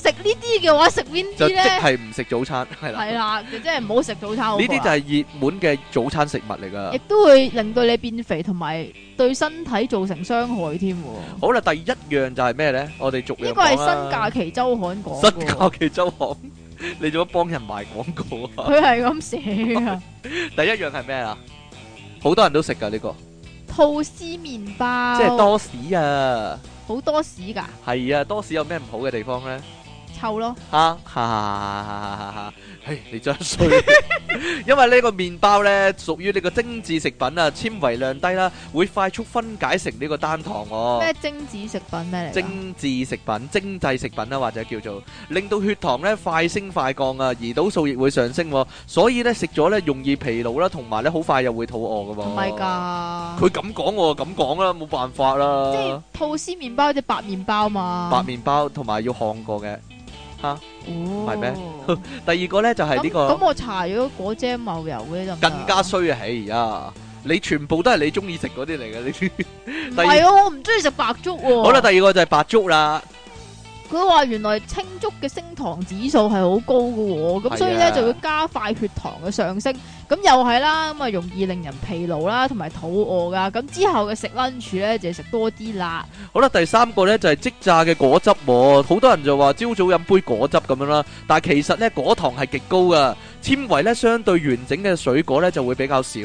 S1: 食呢啲嘅話，食邊啲咧？就即係
S2: 唔食早餐，係啦，係
S1: 啦，即係唔好食早餐。呢啲就係
S2: 熱門嘅早餐食物嚟噶，亦
S1: 都會令到你變肥，同埋對身體造成傷害添。
S2: 好啦，第一樣就係咩咧？我哋逐個講啦。呢個係新假
S1: 期周刊講。新
S2: 假期周刊，你做乜幫人賣廣告啊？佢係
S1: 咁寫噶。
S2: 第一樣係咩啊？好多人都食噶，呢個
S1: 吐司麵包，即係多
S2: 士啊！
S1: 好多士噶，
S2: 係啊，多士有咩唔好嘅地方咧？透咯，吓，哈哈哈哈哈哈！唉，你真衰，因為呢個麵包咧屬於呢個精緻食品啊，纖維量低啦，會快速分解成呢個單糖。咩
S1: 精緻食品咩嚟？精
S2: 緻食品、精製食品啦，或者叫做令到血糖咧快升快降啊，胰島素亦會上升，所以咧食咗咧容易疲勞啦，同埋咧好快又會肚餓噶。唔係
S1: 噶，
S2: 佢咁講我咁講啦，冇辦法啦。即係
S1: 吐司麵包，隻白麵包嘛？
S2: 白麵包同埋要烘過嘅。吓，係咩哈？哦、是 第二個咧就係呢個。咁我
S1: 查咗果漿冒油嗰就
S2: 更加衰啊！哎 呀二，你全部都係你中意食嗰啲嚟嘅你啲。係啊，我唔
S1: 中意食白粥喎、哦。好啦，第二
S2: 個就係白粥啦。
S1: 佢話原來青竹嘅升糖指數係好高嘅喎、哦，咁所以呢是、啊、就會加快血糖嘅上升，咁又係啦，咁啊容易令人疲勞啦，同埋肚餓噶，咁之後嘅食 lunch 咧就食多啲啦。
S2: 好啦，第三個呢就係、是、即榨嘅果汁、哦，好多人就話朝早飲杯果汁咁樣啦，但係其實呢，果糖係極高噶。纖維咧相對完整嘅水果咧就會比較少，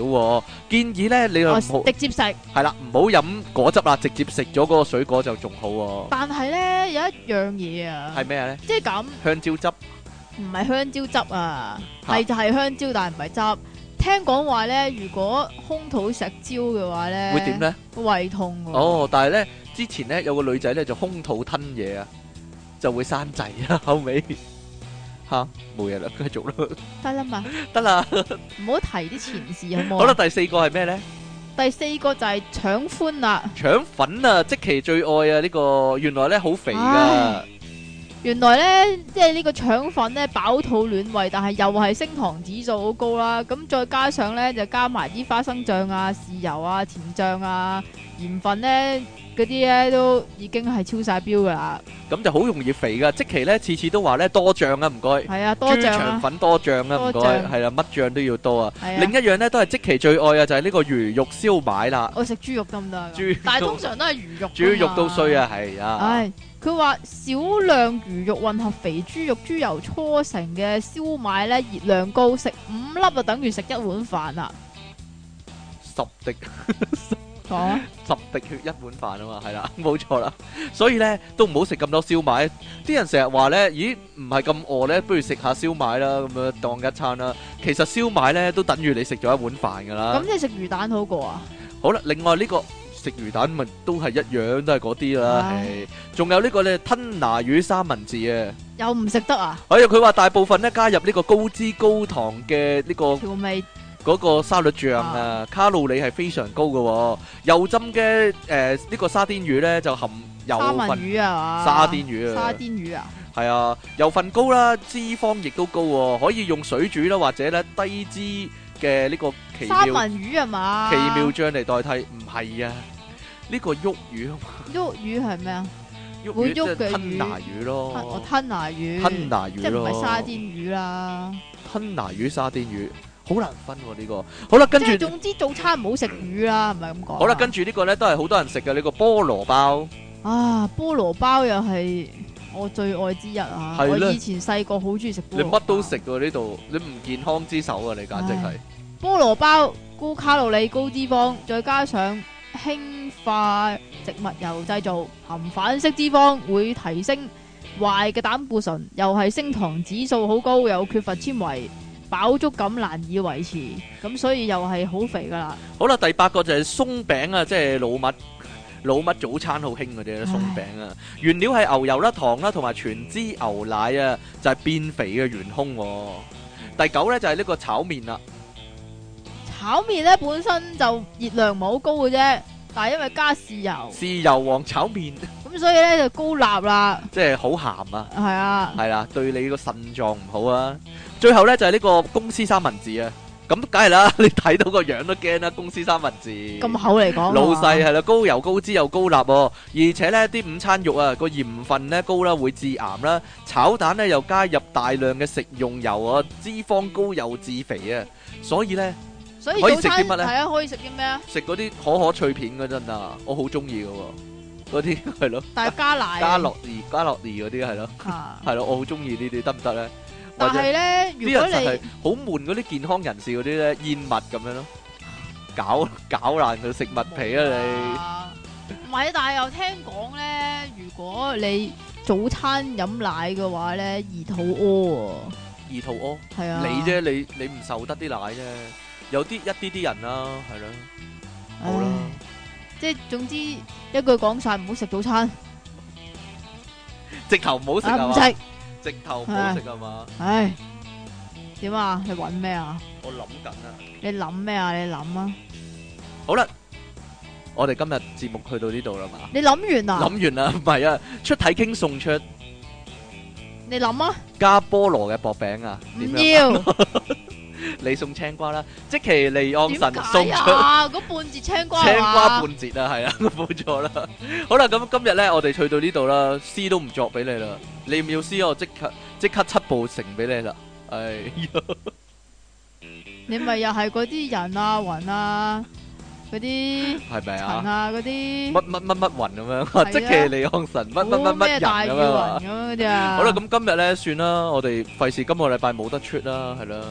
S2: 建議咧你又唔好直接食，係啦唔好飲果汁啦，直接食咗嗰個水果就仲好。但
S1: 係咧有一樣嘢啊，係咩咧？即係咁，香蕉汁唔係香蕉汁啊，係就係香蕉，但係唔係汁。聽講話咧，如果空肚食蕉嘅話咧，會點咧？胃痛哦！
S2: 但係咧之前咧有個女仔咧就空肚吞嘢啊，就會生仔啊，後尾。吓，冇嘢啦，繼續啦，
S1: 得啦嘛，得啦行了，唔 好提啲前事好冇？好啦，
S2: 第四個係咩咧？
S1: 第四個就係腸粉啦，
S2: 腸粉啊，積淇最愛啊！呢、這個原來咧好肥噶，
S1: 原來咧即係呢個腸粉咧飽肚暖胃，但係又係升糖指數好高啦、啊。咁再加上咧就加埋啲花生醬啊、豉油啊、甜醬啊。鹽分咧，嗰啲咧都已經係超晒標噶啦，
S2: 咁就好容易肥噶。積淇咧次次都話咧多醬啊，唔該。係啊，多醬。豬腸粉多醬啊，唔該。係啦，乜醬都要多啊。係啊。另一樣咧都係積淇最愛嘅，就係呢個魚肉燒賣啦。我
S1: 食豬肉得唔得？豬。但係通常都係魚肉。豬肉都衰啊，
S2: 係啊。唉，
S1: 佢話少量魚肉混合肥豬肉豬油搓成嘅燒賣咧，熱量高，食五粒就等於食一碗飯啦。
S2: 十滴。講、哦、十滴血一碗飯啊嘛，係啦，冇錯啦，所以咧都唔好食咁多燒賣。啲人成日話咧，咦，唔係咁餓咧，不如食下燒賣啦，咁樣當一餐啦。其實燒賣咧都等於你食咗一碗飯噶啦。咁你
S1: 食魚蛋好過啊？
S2: 好啦，另外呢、呢個食魚蛋咪都係一樣，都係嗰啲啦。唉、哎，仲有個呢個咧吞拿魚三文治啊，
S1: 又唔食得啊？
S2: 哎呀，佢話大部分咧加入呢個高脂高糖嘅呢個調味。嗰個沙律醬啊，卡路里係非常高嘅、啊。油浸嘅誒呢個沙甸魚咧就含油分，沙甸魚啊，沙
S1: 甸魚啊，
S2: 係啊，油份高啦、啊，脂肪亦都高、啊，可以用水煮啦、啊，或者咧低脂嘅呢個奇妙沙文
S1: 魚啊嘛，奇妙
S2: 醬嚟代替，唔係啊，呢、呢個鬱魚啊，
S1: 鬱 魚係咩啊？魚會鬱吞拿魚
S2: 咯，吞，吞
S1: 拿魚，吞拿魚即係唔係沙甸魚啦？
S2: 吞拿魚，沙甸魚。好難分呢、啊這個，好啦，跟住即總
S1: 之早餐唔好食魚啦，係咪咁講？好啦，
S2: 跟住呢個呢都係好多人食嘅呢個菠蘿包
S1: 啊！菠蘿包又係我最愛之一啊！的我以前細個好中意食。你乜
S2: 都食嘅呢度，你唔健康之首啊！你簡直係
S1: 菠蘿包高卡路里、高脂肪，再加上氫化植物油製造，含反式脂肪，會提升壞嘅膽固醇，又係升糖指數好高，又缺乏纖維。飽足感難以維持，咁、嗯、所以又係好肥噶啦。
S2: 好啦，第八個就係鬆餅啊，即係老麥老麥早餐好興㗎啫。咧，鬆餅啊，原料係牛油啦、糖啦同埋全脂牛奶啊，就係、是，變肥嘅元凶。第九呢就係、是、呢個炒麵啊，
S1: 炒麵呢本身就熱量唔好高嘅啫，但係因為加豉油，
S2: 豉油王炒麵，
S1: 咁、嗯、所以呢就高鈉啦，
S2: 即係好鹹啊，係、嗯、啊，係啦，對你個腎臟唔好啊。最後咧就係呢個公司三文治啊，咁梗係啦，你睇到個樣都驚啦，公司三文治。咁厚嚟講。老細係啦，高油高脂又高鈉，而且咧啲午餐肉啊個鹽分咧高啦，會致癌啦；炒蛋咧，又加入大量嘅食用油啊，脂肪高又致肥啊，所以咧所以可以食啲乜咧？係啊，可以食啲咩啊？食嗰啲可可脆片嗰陣啊，我好中意噶，嗰啲係咯。但
S1: 係加奶。加樂兒、
S2: 加樂兒嗰啲係咯，係咯，我好中意呢啲，得唔得咧？但係咧，如果你係好悶嗰啲健康人士嗰啲咧，厭物咁樣咯，搞搞爛佢食物皮啊你！
S1: 唔係，但係又聽講咧，如果你早餐飲奶嘅話咧，易肚屙喎。
S2: 易肚屙？係啊。你啫，你你唔受得啲奶啫，有啲一啲啲人啦，係咯。好啦，
S1: 即係總之一句講晒，唔好食早餐，
S2: 直頭唔好食啊！唔食。直頭
S1: 好食係嘛？唉，點啊？你搵咩啊？
S2: 我諗緊啊！
S1: 你諗咩啊？你諗啊！
S2: 好啦，我哋今日節目去到呢度啦嘛？你諗完啦？諗完啦，唔係啊，出體傾送出。
S1: 你諗啊？
S2: 加菠蘿嘅薄餅啊？唔要。 你送青瓜啦！積淇離岸神送出，啊，
S1: 嗰 半截青瓜，青瓜半
S2: 截啊，係 啊、嗯，冇錯啦。好啦，咁今日咧，我哋去到呢度啦，詩都唔作俾你啦。你唔要詩，我即刻即刻七步成俾你啦。哎
S1: 呀， 你咪又係嗰啲人啊，雲啊，嗰啲係咪啊？雲 啊，嗰啲乜
S2: 乜乜乜雲咁樣， 嗯 嗯， 積淇離岸神乜乜乜乜人咁樣，
S1: 啲啊。 好啦，
S2: 咁今日咧算啦，我哋費事今個禮拜冇得出啦，係啦。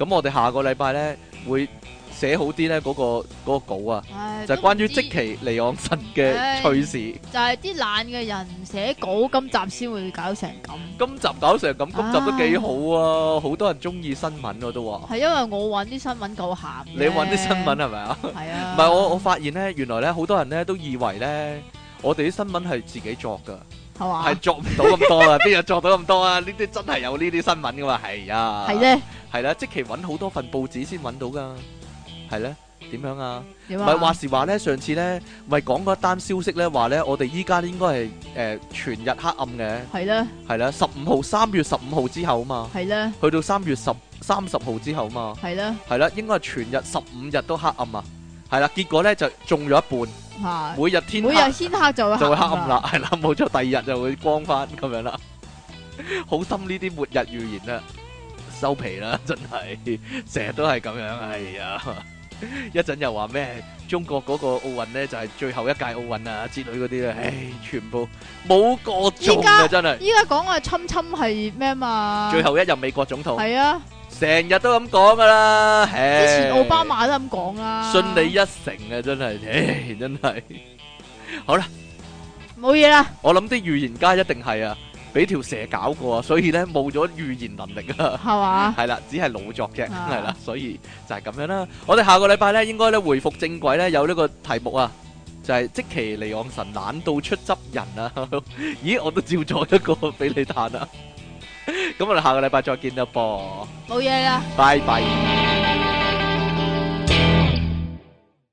S2: 咁我哋下個禮拜咧會寫好啲咧嗰個稿啊，唉就係關於積淇離岸神嘅趣事。
S1: 就係、是、啲懶嘅人唔寫稿，今集先會搞成咁。
S2: 今集搞成咁，今集都幾好啊！好唉多人中意新聞我都話。
S1: 係因為我揾啲新聞夠鹹。你揾啲新聞
S2: 係咪啊？係啊。 唔係，我我發現咧，原來咧好多人咧都以為咧我哋啲新聞係自己作㗎。係做唔到咁多啦，邊有做到咁多啊？呢啲真係有呢啲新聞噶嘛？係啊，係咧，係啦，即期揾好多份報紙先揾到噶，係咧，點樣啊？唔係話時話咧，上次咧，咪講嗰單消息咧，話咧，我哋依家應該係誒全日黑暗嘅，係咧，係咧，十五號三月十五號之後啊嘛，係咧，去到三月十三十號之後啊嘛，係咧，係啦，應該係全日十五日都黑暗啊！係啦，結果咧就中咗一半。每日天黑就會黑
S1: 暗就會黑
S2: 啦，係啦了，冇咗第二日就會光翻咁樣啦。 好心呢啲末日預言啊，收皮啦，真係成日都係咁樣。哎呀， 一陣又話咩？中國嗰個奧運呢就係、是、最後一屆奧運啊之類嗰啲咧，唉、哎，全部冇個中啊，真係。依
S1: 家講啊，侵侵係咩嘛？最
S2: 後一任美國總統。係啊。成日都咁講噶啦，之前奧巴
S1: 馬都咁講
S2: 啦，信你一成啊，真係，唉，真係，好啦，
S1: 冇嘢
S2: 啦。我諗啲預言家一定係啊，俾條蛇搞過啊，所以咧冇咗預言能力啊，係嘛？係啦，只係老作啫，係啦，所以就係咁樣啦。我哋下個禮拜咧，應該咧回復正軌咧，有呢個題目啊，就係積淇離岸神懶到出執人啊，咦，我都照咗一個俾你彈啊。咁 我哋下個禮拜再見啦噃，
S1: 冇嘢啦，
S2: 拜拜。